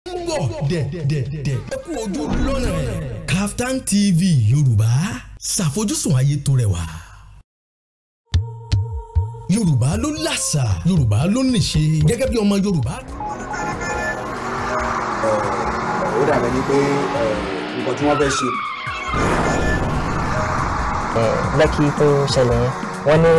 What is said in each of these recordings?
ń bọ̀ dẹ̀dẹ̀dẹ̀ ẹ kú ojú lọ́nà ẹ̀. Kaftan TV Yorùbá ṣàfojúsùn ayé tó rẹwà. Yorùbá ló láṣà Yorùbá ló níṣe gẹ́gẹ́ bí ọmọ Yorùbá. ó dàbẹ̀ ni pé nǹkan tí wọ́n fẹ́ ṣe. lẹ́kì tó ṣẹlẹ̀ yẹn wọ́n ní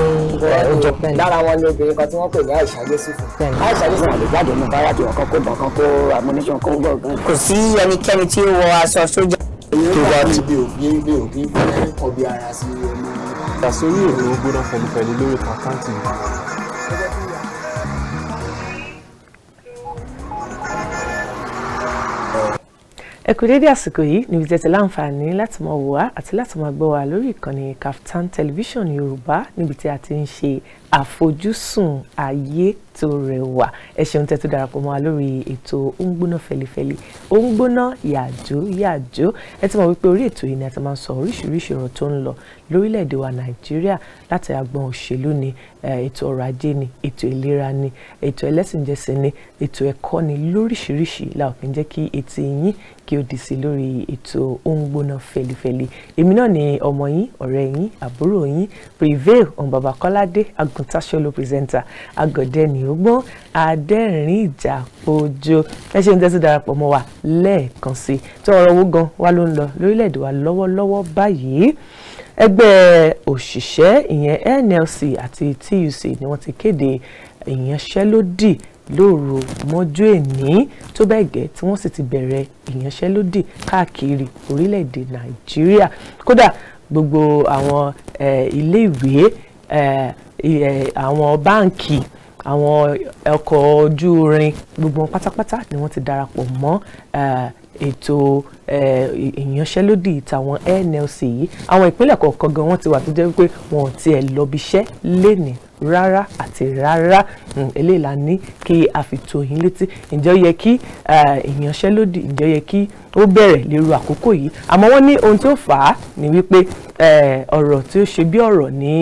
ọjọ́ pẹ́ẹ́n. lára wọn ni obìnrin kan tí wọ́n pè ní Aisha Yusufu Aisha Yusufu àlè jáde ní báyà tí wọ́n kọ́ kó bọ̀ kan kó ammunition kó gbọ̀ gan. kò sí ẹnikẹ́ni tí ó wọ aṣọ sójà. èyí ló bá ti bí òbí bí òbí fẹ́ ọbẹ̀ ara sí ọmọ. ìdásórí òní gbóná fẹnifẹni lórí kàkáǹtì yìí. ẹ kú dédé àsìkò yìí níbi tẹ́tẹ́ láǹfààní láti máa wá àti láti máa gbọ́ wá lórí ìkànnì Kaftan television yorùbá níbi tí a ti ń ṣe àfojúsùn ayé tó rẹwà ẹ ṣeun tẹ́ tó darapọ̀ mọ́ wa lórí ètò ó ń gbóná fẹlifẹli ó ń gbóná yàjó yàjó ẹ ti mọ̀ wípé orí ètò yìí ni a ti máa ń sọ oríṣiríṣi ọ̀rọ̀ tó ń lọ lórílẹ̀‐èdè wa nàìjíríà láti agbọn òṣèlú ni ètò ọrọ̀ ajé ni ètò ìlera ni ètò ẹlẹ́sìnjẹsìn ni ètò ẹ̀kọ́ ni lóríṣiríṣi la ò kí ń jẹ́ kí etí yín kí ó di sí lórí ètò ó ń gbóná fẹlifẹli èmi náà ni ọmọ yín ọ̀rẹ́ yín àbúrò yín Prevail ọ̀nbàbàkọ́ládé ag Adélékun Táṣọ́lù pírẹsẹńtà agọ̀dẹ́ni ògbọ́n adẹ́rìn ìjà òjò ẹ ṣe ń tẹ́sí darapọ̀ mọ́ wa lẹ́ẹ̀kan sí i tí ọ̀rọ̀ owó gan wa ló ń lọ lórílẹ̀‐èdè wa lọ́wọ́lọ́wọ́ báyìí ẹgbẹ́ òṣìṣẹ́ ìyẹn NLC àti TUC ni wọ́n ti kéde ìyanṣẹ́lódì lóru mọ́jú èní tó bẹ́ẹ̀ gẹ́ tí wọ́n sì ti bẹ̀rẹ̀ ìyanṣẹ́lódì káàkiri orílẹ̀‐èdè Nàìjíríà kódà gbogbo àwọn ilé ìwé àwọn báǹkì àwọn ọkọ̀ ojú irin gbogbo pátápátá ni wọ́n ti darapọ̀ mọ́ ètò ìyanṣẹ́lódì tàwọn NLC yìí àwọn ìpínlẹ̀ kọ̀ọ̀kan gan wọ́n ti wà tó jẹ́ pé wọn ò tiẹ̀ lọ́bi iṣẹ́ lénìí rárá àti rárá hmm, eléyìí la ní kí a fi tó yín létí ǹjẹ́ ó yẹ kí ìyanṣẹ́lódì ǹjẹ́ ó yẹ kí ó bẹ̀rẹ̀ lérú àkókò yìí àmọ́ wọ́n ní ohun tí ó fà á ni wípé ọ̀rọ̀ tí ó ṣe bí ọ̀rọ̀ ní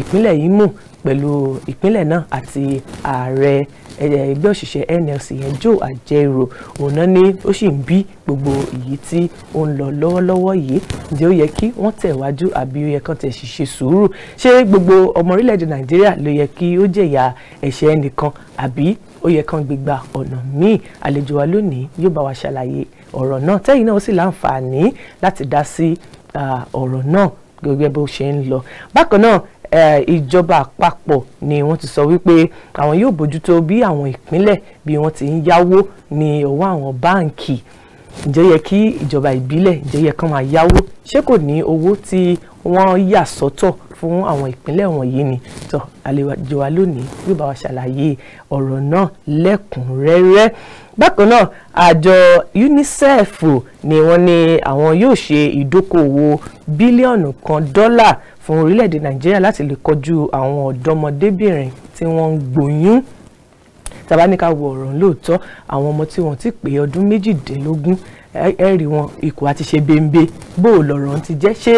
ìpínlẹ̀ Imo pẹ̀lú ìpínlẹ̀ náà àti ààrẹ ẹgbẹ́ òṣìṣẹ́ NLC yẹn Joe Ajaero òun náà ni ó sì ń bí gbogbo èyí tí ó ń lọ lọ́wọ́lọ́wọ́ yìí ǹjẹ́ ó yẹ kí wọ́n tẹ̀wájú àbí ó yẹ kán tẹ̀ sì ṣe sùúrù ṣé gbogbo ọmọ orílẹ̀-èdè Nàìjíríà ló yẹ kí ó jẹ̀yà ẹ̀ṣẹ̀ ẹnìkan àbí ó yẹ kán gbégbá ọ̀nà míì àlejò wa lónìí yóò bá wa ṣàlàyé ọ̀rọ̀ náà tẹ́yìn náà ó sì láǹfààní láti dá sí ọ̀rọ̀ náà gẹ́gẹ́ bó ṣe ń lọ bákan náà Eh, ìjọba àpapọ̀ ni wọ́n ti sọ wípé àwọn yóò bójútó bí àwọn ìpínlẹ̀ bí wọ́n ti ń yáwó ní ọwọ́ àwọn báǹkì ǹjẹ́ yẹ kí ìjọba ìbílẹ̀ ǹjẹ́ yẹ kán máa yáwó ṣé kò ní owó tí wọ́n yà sọ́tọ̀ fún àwọn ìpínlẹ̀ wọ̀nyí ni tó àlejò wa lónìí yóò bá wa ṣàlàyé ọ̀rọ̀ náà lẹ́kùnrẹ́rẹ́ bákan náà àjọ UNICEF ni wọ́n ní àwọn yóò ṣe ìdókòwò bílíọ̀nù kan dọ́là fún orílẹ̀-èdè nàìjíríà láti lè kojú àwọn ọ̀dọ́mọdébìnrin tí wọ́n ń gbóyún tàbá ní ká wo ọ̀rọ̀ lóòótọ́ àwọn ọmọ tí wọ́n ti pé ọdún méjìdínlógún ẹ̀rí wọn ikú àti ṣe bembe bó o lọ̀rọ̀ ti jẹ́ ṣé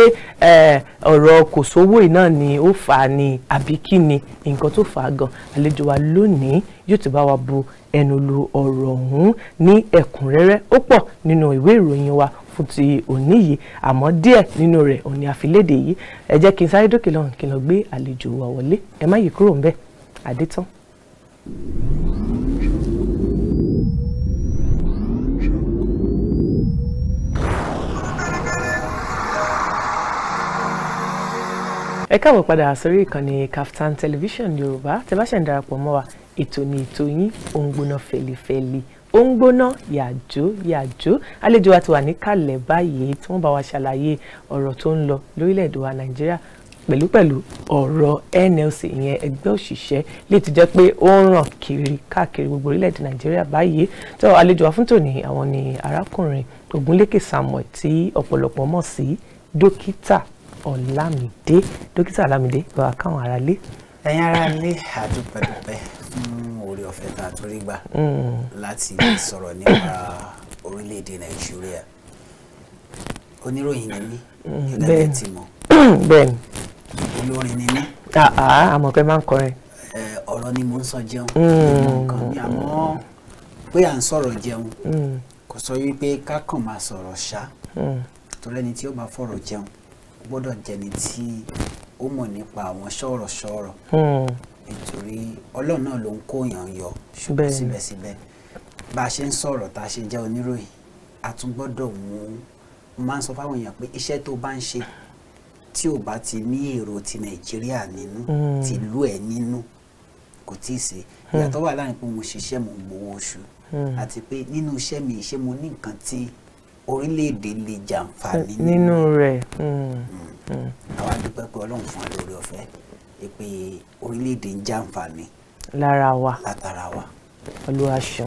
ọ̀rọ̀ kò sówó iná ni ó fà á ni àbí kí ni nǹkan tó fà á gan àlejò wa lónìí yóò ti bá wa bu ẹnu lu ọ̀rọ̀ ọ̀hún ní ẹ̀kúnrẹ́rẹ́ ó pọ̀ nínú ìwé ìròyìn wa fún ti òní yìí àmọ́ díẹ̀ nínú rẹ̀ òní àfilédè yìí ẹ jẹ́ kí n sáré dókè lọ́hùn kí n lọ gbé àlejò wa wọlé ẹ má yí kúrò ńbẹ̀ àdétán. ẹ káàbọ̀ padà sórí ìkànnì Kaftan television yorùbá tẹ bá ṣẹ̀ ń darapọ̀ mọ́ wa ètò ni ètò yín òun fẹ̀lifẹ̀li ó ń gbóná yàjó yàjó àlejò wa ti wà níkàlẹ̀ báyìí tí wọ́n bá wa ṣàlàyé ọ̀rọ̀ tó ń lọ lórílẹ̀‐èdè wa nàìjíríà pẹ̀lúpẹ̀lú ọ̀rọ̀ NLC ìyẹn ẹgbẹ́ òṣìṣẹ́ lè ti jẹ́ pé ó ń ràn kiri káàkiri gbogbo orílẹ̀-èdè nàìjíríà báyìí tó àlejò wa fún tòní àwọn ni arákùnrin Ògúnlékè Samuel tí ọ̀pọ̀lọpọ̀ mọ̀ sí dókítà Ọlámidé dókítà Ọlámidé bá wa káwọn aráalé. ẹ̀yin aráalé àdúpẹ́dúpẹ́ fún mm, oore ọ̀fẹ́ tá a torí gbà mm. láti sọ̀rọ̀ nípa orílẹ̀-èdè nàìjíríà oníròyìn ni mí gẹ́gẹ́ mm, bẹ́ẹ̀ ti mọ̀ bẹ́ẹ̀ ni olórin ni mí. Ah, ah, máa ń kọrin. ọ̀rọ̀ ni mo ń sọ jẹun nǹkan ni àmọ́ pé à ń sọ̀rọ̀ jẹun kò sọ wípé ká kàn máa sọ̀rọ̀ ṣá torí ẹni tí ó bá fọ̀rọ̀ jẹun gbọ́dọ̀ jẹni tí ó mọ̀ nípa àwọn ṣọ̀rọ̀ṣọ̀rọ̀ nítorí ọlọ́run náà ló ń kó èèyàn yọ ṣùgbọ́n síbẹ̀síbẹ̀ bá a ṣe ń sọ̀rọ̀ tá a ṣe jẹ́ oníròyìn a tún gbọ́dọ̀ mú máa ń sọ fáwọn èèyàn pé iṣẹ́ tó bá ń ṣe tí ò bá ti ní èrò ti nàìjíríà nínú hmm. ti ẹ̀ nínú kò tí ì ṣe hmm. ìyàtọ̀ wà láàrin pé mo ṣiṣẹ́ mo gbowó oṣù hmm. àti pé nínú iṣẹ́ mi ṣé mo ní nǹkan tí orílẹ̀-èdè lè jàǹfààní nínú rẹ̀ àwa dúpẹ́ pé ọlọ́run fún wa ọ̀fẹ́ pé orílẹ̀-èdè ń jàǹfààní. lára wa látara wa. olùwàṣùn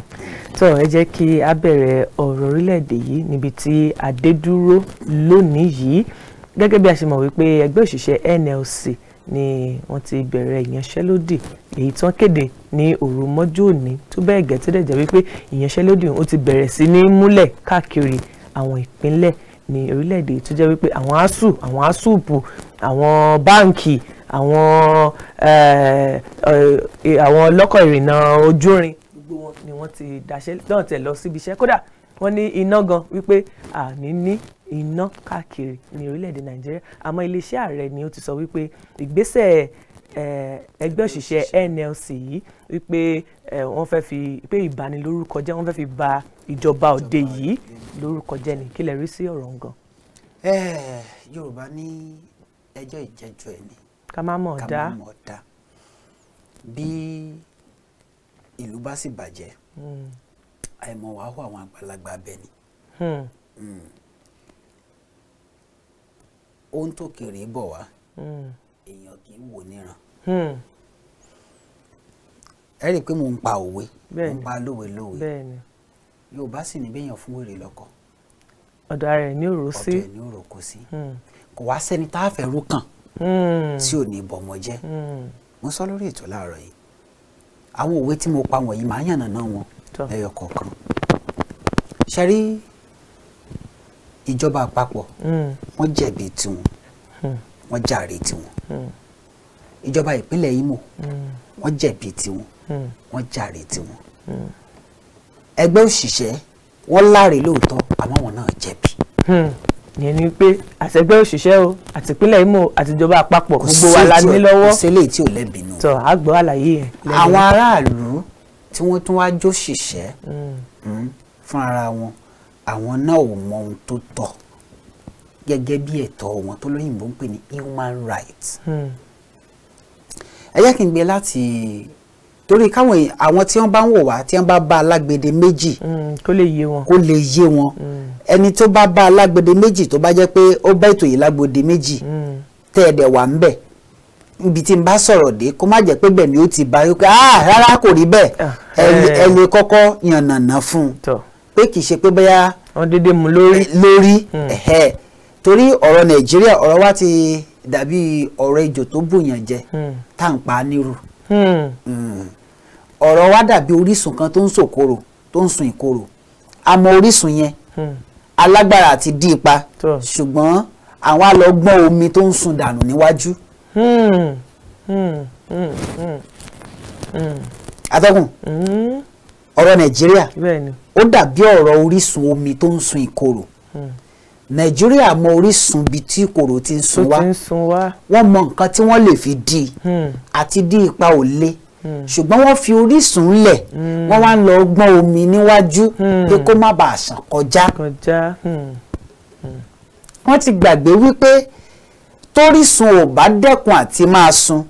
tó ẹ jẹ́ kí a bẹ̀rẹ̀ ọ̀rọ̀ orílẹ̀-èdè yìí níbi tí adédúró lónìí yìí gẹ́gẹ́ bí a ṣe mọ̀ wípé ẹgbẹ́ òṣìṣẹ́ NLC ni wọ́n ti bẹ̀rẹ̀ ìyanṣẹ́lódì èyí tán kéde ní òru mọ́jú òní tó bẹ́ẹ̀ gẹ́ tó dẹ̀ jẹ́ wípé ìyanṣẹ́lódì ó ti bẹ̀rẹ̀ sí ní múlẹ̀ káàkiri àwọn ìpínlẹ̀ ní orílẹ̀-èdè tó jẹ́ wípé àwọn asuu àwọn asuupu àwọn báǹkì àwọn eh, eh, àwọn ọlọ́kọ̀ ìrìnnà ojúrin gbogbo wọn ni wọ́n ti dáṣẹ́ náà tẹ̀ lọ síbi iṣẹ́ kódà wọ́n ní iná gan wípé àní ní iná káàkiri ní orílẹ̀-èdè nàìjíríà àmọ́ iléeṣẹ́ ààrẹ ni ó ti sọ wípé ìgbésẹ̀ eh, ẹgbẹ́ òṣìṣẹ́ NLC yìí wípé wọ́n fẹ́ fi pé ìbanilórúkọ jẹ́ wọ́n fẹ́ fi ba ìjọba òde yìí lórúkọ jẹ́ ni kí lẹ rí sí ọ̀rọ̀ ngan. Yorùbá ní ẹjọ́ ìjẹ́jọ́ ẹ̀ ni Kama má mọ̀ dá ká má mọ̀ dá bí ìlú bá sì bàjẹ́ hmm. àìmọ̀ wàá hó àwọn àgbàlagbà abẹ ni ohun tó kéré bọ̀ wá hmm. èèyàn kì í wò níran hmm. ẹ rí i pé mò ń pa òwe mò ń pa lówe lówe yorùbá sì ní bẹ́yàn fún wèrè lọ́kọ. ọ̀dọ̀ ara ẹ̀ ní òró sí ọ̀dọ̀ ẹ̀ ní òró kò sí kò wá sẹ́ni tá a fẹ́ rú kàn. Hmm. tí ò ní bọ̀mọ̀ jẹ́ hmm. mo sọ lórí ètò láàárọ̀ yìí àwọn òwe tí mo pa wọ̀nyí màá yànnà náà wọn lẹ́yọ kọ̀ọ̀kan ṣe rí ìjọba àpapọ̀ hmm. wọ́n jẹ̀bi tiwọn wọ́n jàre tiwọn ìjọba ìpínlẹ̀ Imo wọ́n jẹ̀bi tiwọn wọ́n jàre tiwọn ẹgbẹ́ òṣìṣẹ́ wọ́n láre lóòótọ́ àmọ́ wọn náà jẹ̀bi yẹn ni pé àtẹgbẹ́ òṣìṣẹ́ o àtìpínlẹ̀ Imo àtìjọba àpapọ̀ gbogbo wa la ní lọ́wọ́ kò sílẹ̀ tí ò lẹ́bi nù. tọ́ a gbọ́ àlàyé yẹn. àwọn aráàlú tí wọ́n tún wáá jóṣìṣẹ́ hmm. hmm, fúnra wọn àwọn náà ò mọ ohun tó tọ́ gẹ́gẹ́ bí ẹ̀tọ́ wọn tó lóyìnbó ń pè ní human rights. Hmm. ẹ jẹ́ kí n gbé láti torí káwọn àwọn tí wọ́n bá ń wò wá tí wọ́n bá bá alágbède méjì mm, kó lè yé wọn kó lè yé wọn mm. ẹni tó bá bá alágbède méjì tó bá jẹ́ pé ó bá ètò yìí lágbède méjì mm. tẹ́ ẹ̀dẹ̀ wà ń bẹ̀ ibi tí n bá sọ̀rọ̀ dé kó má jẹ́ pé bẹ́ẹ̀ ni ó ti bá yókè ah rárá kò rí bẹ́ẹ̀ ah, eh. ẹ lè kọ́kọ́ yànnànà fún un pé kì í ṣe pé bóyá wọ́n dédé mú lórí lórí torí ọ̀rọ̀ Nàìjíríà ọ̀rọ̀ wa ti dàbí ọ̀rọ̀ ejò tó bùyàn jẹ tá à pa á nírú ọ̀rọ̀ wa dàbí orísun kan tó ń sòkòrò tó ń sun ìkorò àmọ́ orísun yẹn hmm. alágbára àti dí ipa ṣùgbọ́n àwọn á lọ gbọ́n omi tó ń sun dànù níwájú. Hmm. Hmm. atọ́kùn ọ̀rọ̀ nàìjíríà ó dàbí ọ̀rọ̀ orísun omi tó ń sun ìkorò nàìjíríà mọ orísun bíi tí ìkorò ti ń sun wá wọ́n mọ nǹkan tí wọ́n lè fi dí i àti dí ipa ò le. Hmm ṣùgbọ́n wọ́n fi orísun lẹ̀ hmm. wọ́n wá ń lọ gbọ́n omi níwájú hmm. pé kó má bàa sàn kọjá hmm. wọ́n ti gbàgbé wípé tórísun ò bá dẹ́kun àti máa sun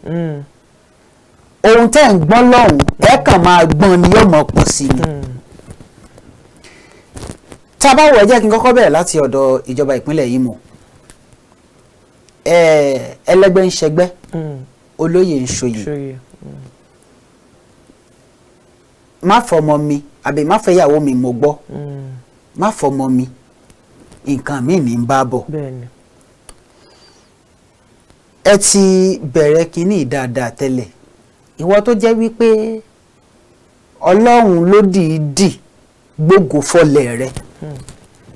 ohun tẹ́ ń gbọ́n lọ́hùn ẹ̀ kàn máa gbọ́n ni yóò mọ̀ pọ̀ sí ni tá ẹ jẹ́ kí n kọ́kọ́ bẹ̀rẹ̀ láti ọ̀dọ̀ ìjọba ìpínlẹ̀ Imo ẹlẹ́gbẹ́ ń ṣẹgbẹ́ olóyè ń ṣòyè má fọmọ mi àbí má fẹ́ ìyàwó mi mo ma mm. má fọmọ mi nǹkan míì ní ń bá bọ̀ ẹ ti bẹ̀rẹ̀ kínní dáadáa tẹ́lẹ̀ ìwọ tó jẹ́ wípé ọlọ́run ló dìídì gbógo fọlẹ̀ rẹ hmm.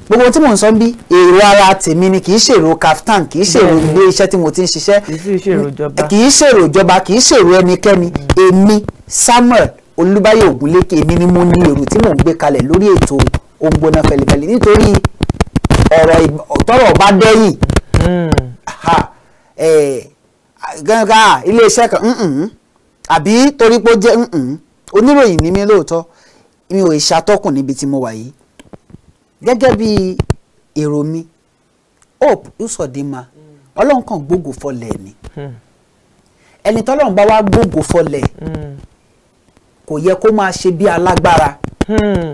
gbogbo tí mò ń sọ bí èrò ara tèmi ni kì í ṣèrò kaftan kì í ṣèrò ilé iṣẹ́ tí mo ti ń ṣiṣẹ́ kì í ṣèrò ìjọba kì í ṣèrò ẹnikẹ́ni hmm. èmi Samuel olúbáyọ̀ ògúnlékè èmi ni mo ní èrò tí mò ń gbé kalẹ̀ lórí ètò ògbóná fẹlifẹli nítorí ọ̀rọ̀ tọ́rọ̀ bá dẹ́yìn gángan iléeṣẹ́ kan àbí torí pé ó jẹ́ oníròyìn ní mi lóòótọ́ mi ò ṣàtọ́kùn níbi tí mo wà yìí gẹ́gẹ́ bí èrò mi hope Uzodinma ọlọ́run kan gbógo fọlẹ̀ ni hmm. ẹni tọ́lọ́run bá gbógo fọlẹ̀ hmm kò yẹ kó máa ṣe bí alágbára. ó hmm.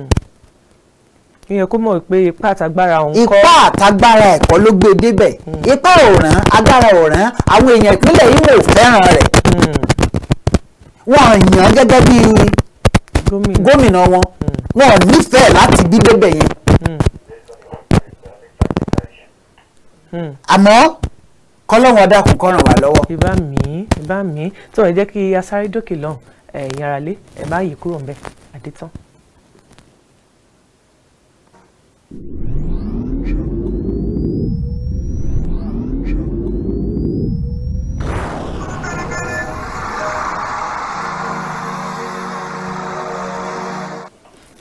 yẹ kó mọ̀ pé ipá àtagbára òun kọ́. ipá àtagbára ẹ̀kọ́ ló gbé e débẹ̀ hmm. ipá ọ̀ràn agbára ọ̀ràn àwọn èèyàn ìpínlẹ̀ Imo ò fẹ́ràn rẹ̀ hmm. wọ́n yàn án gẹ́gẹ́ bí gómìnà wọn wọn nífẹ̀ẹ́ láti bí débẹ̀ yẹn. àmọ́ kọ́lọ́wọ́n dákun kó lọ́wọ́. ìbá mi ìbá mi tó ẹ jẹ́ kí a dókè lọ́hùn ẹ yára lé ẹ má yí kúrò ńbẹ̀ àdétán.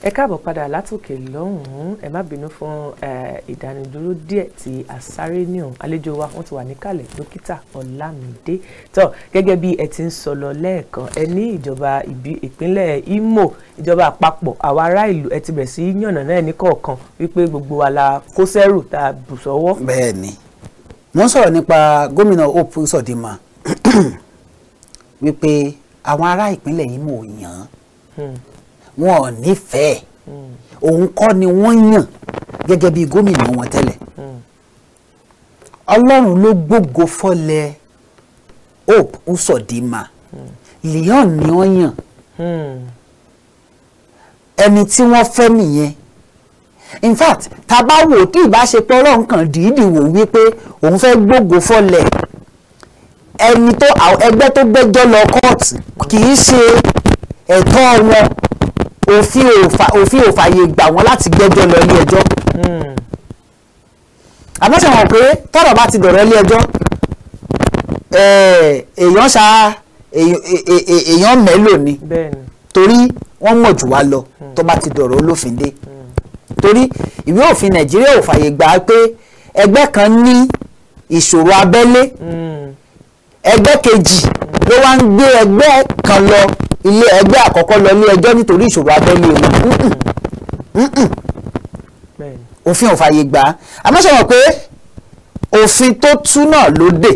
ẹ káàbọ̀ padà látòkè lọ́hùn-ún ẹ má bínú fún ìdánidúró díẹ̀ tí àsáré ní ọ̀hún àlejò wa wọ́n ti wà níkàlẹ̀ dókítà ọlámídé tó gẹ́gẹ́ bí ẹ ti ń sọ lẹ́ẹ̀kan ẹ ní ìjọba ìpínlẹ̀ imo ìjọba àpapọ̀ àwa ará ìlú ẹ ti bẹ̀rẹ̀ sí yànnà náà ní kọ̀ọ̀kan wípé gbogbo wa la kó sẹ́rù tá a bù sọ́wọ́. bẹ́ẹ̀ ni mo ń sọ̀rọ̀ nípa gómìnà hope sọ̀dìmọ̀ wípé àwọn ará ìpínlẹ̀ imo yàn wọn ò nífẹ̀ẹ́ òun kọ́ ni wọ́n yàn gẹ́gẹ́ bí gómìnà wọn tẹ́lẹ̀ ọlọ́run ló gbógo fọ́lẹ̀ hope usodima leon ni wọ́n yàn ẹni tí wọ́n fẹ́ nìyẹn in fact tá a bá wò tí ìbáṣepọ̀ ọlọ́run kan dìídì wò wípé òun fẹ́ gbógo fọ́lẹ̀ ẹni tó ẹgbẹ́ tó gbẹ́jọ́ lọ kóòtù kì í ṣe ẹ̀tọ́ wọn òfin ò fààyè gbà wọ́n láti gbẹ́jọ́ lọ ilé ẹjọ́ hmm. àmọ́sàwọn pé tọ́rọ̀ bá ti dọ̀rọ̀ ilé ẹjọ́ èèyàn ṣá èèyàn mẹ́lò ni torí wọ́n mọ̀ jù wá lọ hmm. tó bá ti dọ̀rọ̀ olófin dé hmm. torí ìwé òfin nàìjíríà ò fààyè gbà pé ẹgbẹ́ kan ní ìṣòro abẹ́lé ẹgbẹ́ kejì ló wá ń gbé ẹgbẹ́ kan lọ ilé ẹgbẹ́ àkọ́kọ́ lọ ní ẹjọ́ nítorí ìṣòro abẹ́lé wọn òfin ò fààyè gbà á àmọ́ ṣe mọ̀ pé òfin tó tú náà ló dè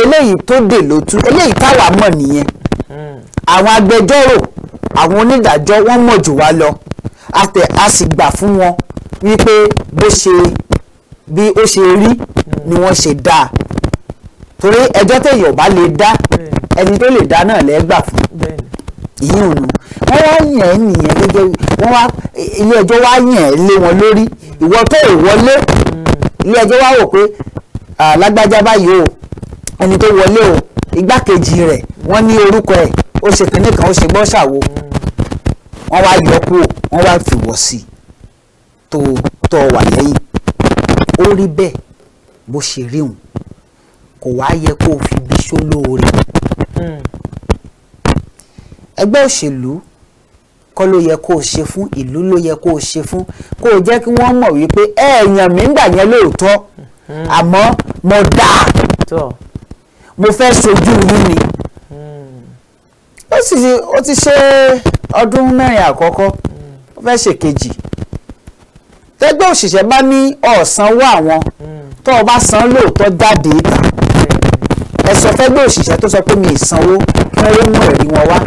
eléyìí tó dè ló tú eléyìí táwa mọ̀ nìyẹn mm. àwọn agbẹjọ́rò àwọn onídàájọ́ wọ́n mọ̀ jù wá lọ àtẹ̀ a sì gbà fún wọn wípé bó ṣe bí ó ṣe rí ni wọ́n ṣe dá a torí ẹjọ́ téèyàn bá lè dá ẹni tó lè dá náà lẹ́gbà fún yìí ò nù wọ́n wá yàn ẹ́ nìyẹn gẹ́gẹ́ wọ́n wá ilé ẹjọ́ wá yàn ẹ́ lé wọn lórí ìwọ tó ìwọlé ilé ẹjọ́ wá wò pé alágbájá báyìí o ẹni tó wọlé o igbákejì rẹ̀ wọ́n ní orúkọ ẹ̀ ó ṣe kínní kan ó ṣe gbọ́ ṣàwo wọ́n wá yọ kúrò wọ́n wá fìwọ́ sí i tó tó wà lẹ́yìn ó rí bẹ́ẹ̀ bó ṣe rí òun kò wá yẹ kó o fi bí sólóore hmm ẹgbẹ́ òṣèlú kọ́ ló yẹ kó o ṣe fún ìlú ló yẹ kó o ṣe fún kó o jẹ́ kí wọ́n mọ̀ wípé ẹ̀yàn mi ń gbà yẹn lóòótọ́ hmm. àmọ́ mo dáa mo fẹ́ ṣojú yín ni hmm. ó sì ó ti ṣe ọdún mẹ́rin àkọ́kọ́ hmm. ó fẹ́ ṣèkejì tẹ́gbẹ́ òṣìṣẹ́ bá ní ọ̀sánwó àwọn tó o bá san lóòótọ́ jáde ìta ẹ̀sọ́ fẹ́gbẹ́ òṣìṣẹ́ tó sọ pé mi ì sanwó kí wọ́n mú ẹ̀rí wọn wá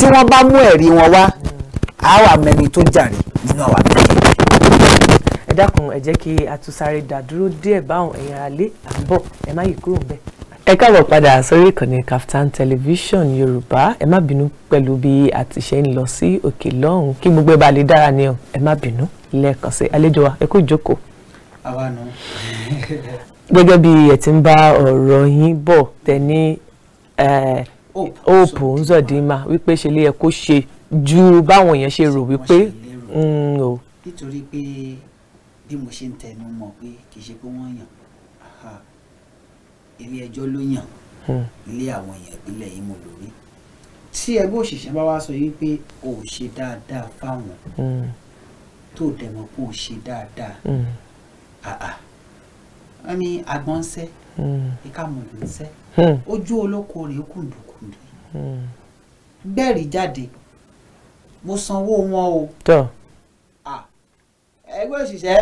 tí wọ́n bá mú ẹ̀rí wọn wá á wà mẹ́ni tó jàre nínú àwa méjèèjì. ẹ dákun ẹ jẹ́ kí atúsáré dàdúró díẹ̀ báwọn ẹ̀yàn alẹ́ àbọ̀ ẹ má yí kúrò ńbẹ̀. ẹ káàbọ̀ padà sórí ìkànnì Kaftan television yorùbá ẹ má bínú pẹ̀lú bí a ti ṣe ń lọ sí òkè lọ́hùn kí gbogbo ẹ bá lè dára ni ọ ẹ má bínú lẹ́ẹ̀kan sí àlejò wa ẹ kú ìjókòó. àwa nù. gẹ́gẹ́ bí ẹ ti ń bá ọ̀rọ̀ yín bọ̀ tẹ ní hope nzọdínmá wípé ṣe lè yẹ kó ṣe ju báwọn èèyàn ṣe rò wípé mm, o. nítorí pé bí mo ṣe ń tẹnu mọ́ pé kì í ṣe pé wọ́n yàn ilé ẹjọ́ ló yàn hmm. ilé àwọn èèyàn ìpínlẹ̀ yìí mo lò rí tí ẹgbẹ́ òṣìṣẹ́ bá wá sọ yìí hmm. pé o ò ṣe dáadáa fáwọn tó dẹ̀ mọ̀ hmm. pé o ṣe dáadáa àà wọ́n ní agbọ́nsẹ́ ìka mọ̀lẹ́ ńsẹ́ hmm. ojú olóko rèé kùndùkùndù hmm. gbẹ̀rì jáde mo sanwó wọn o ẹgbẹ́ òṣìṣẹ́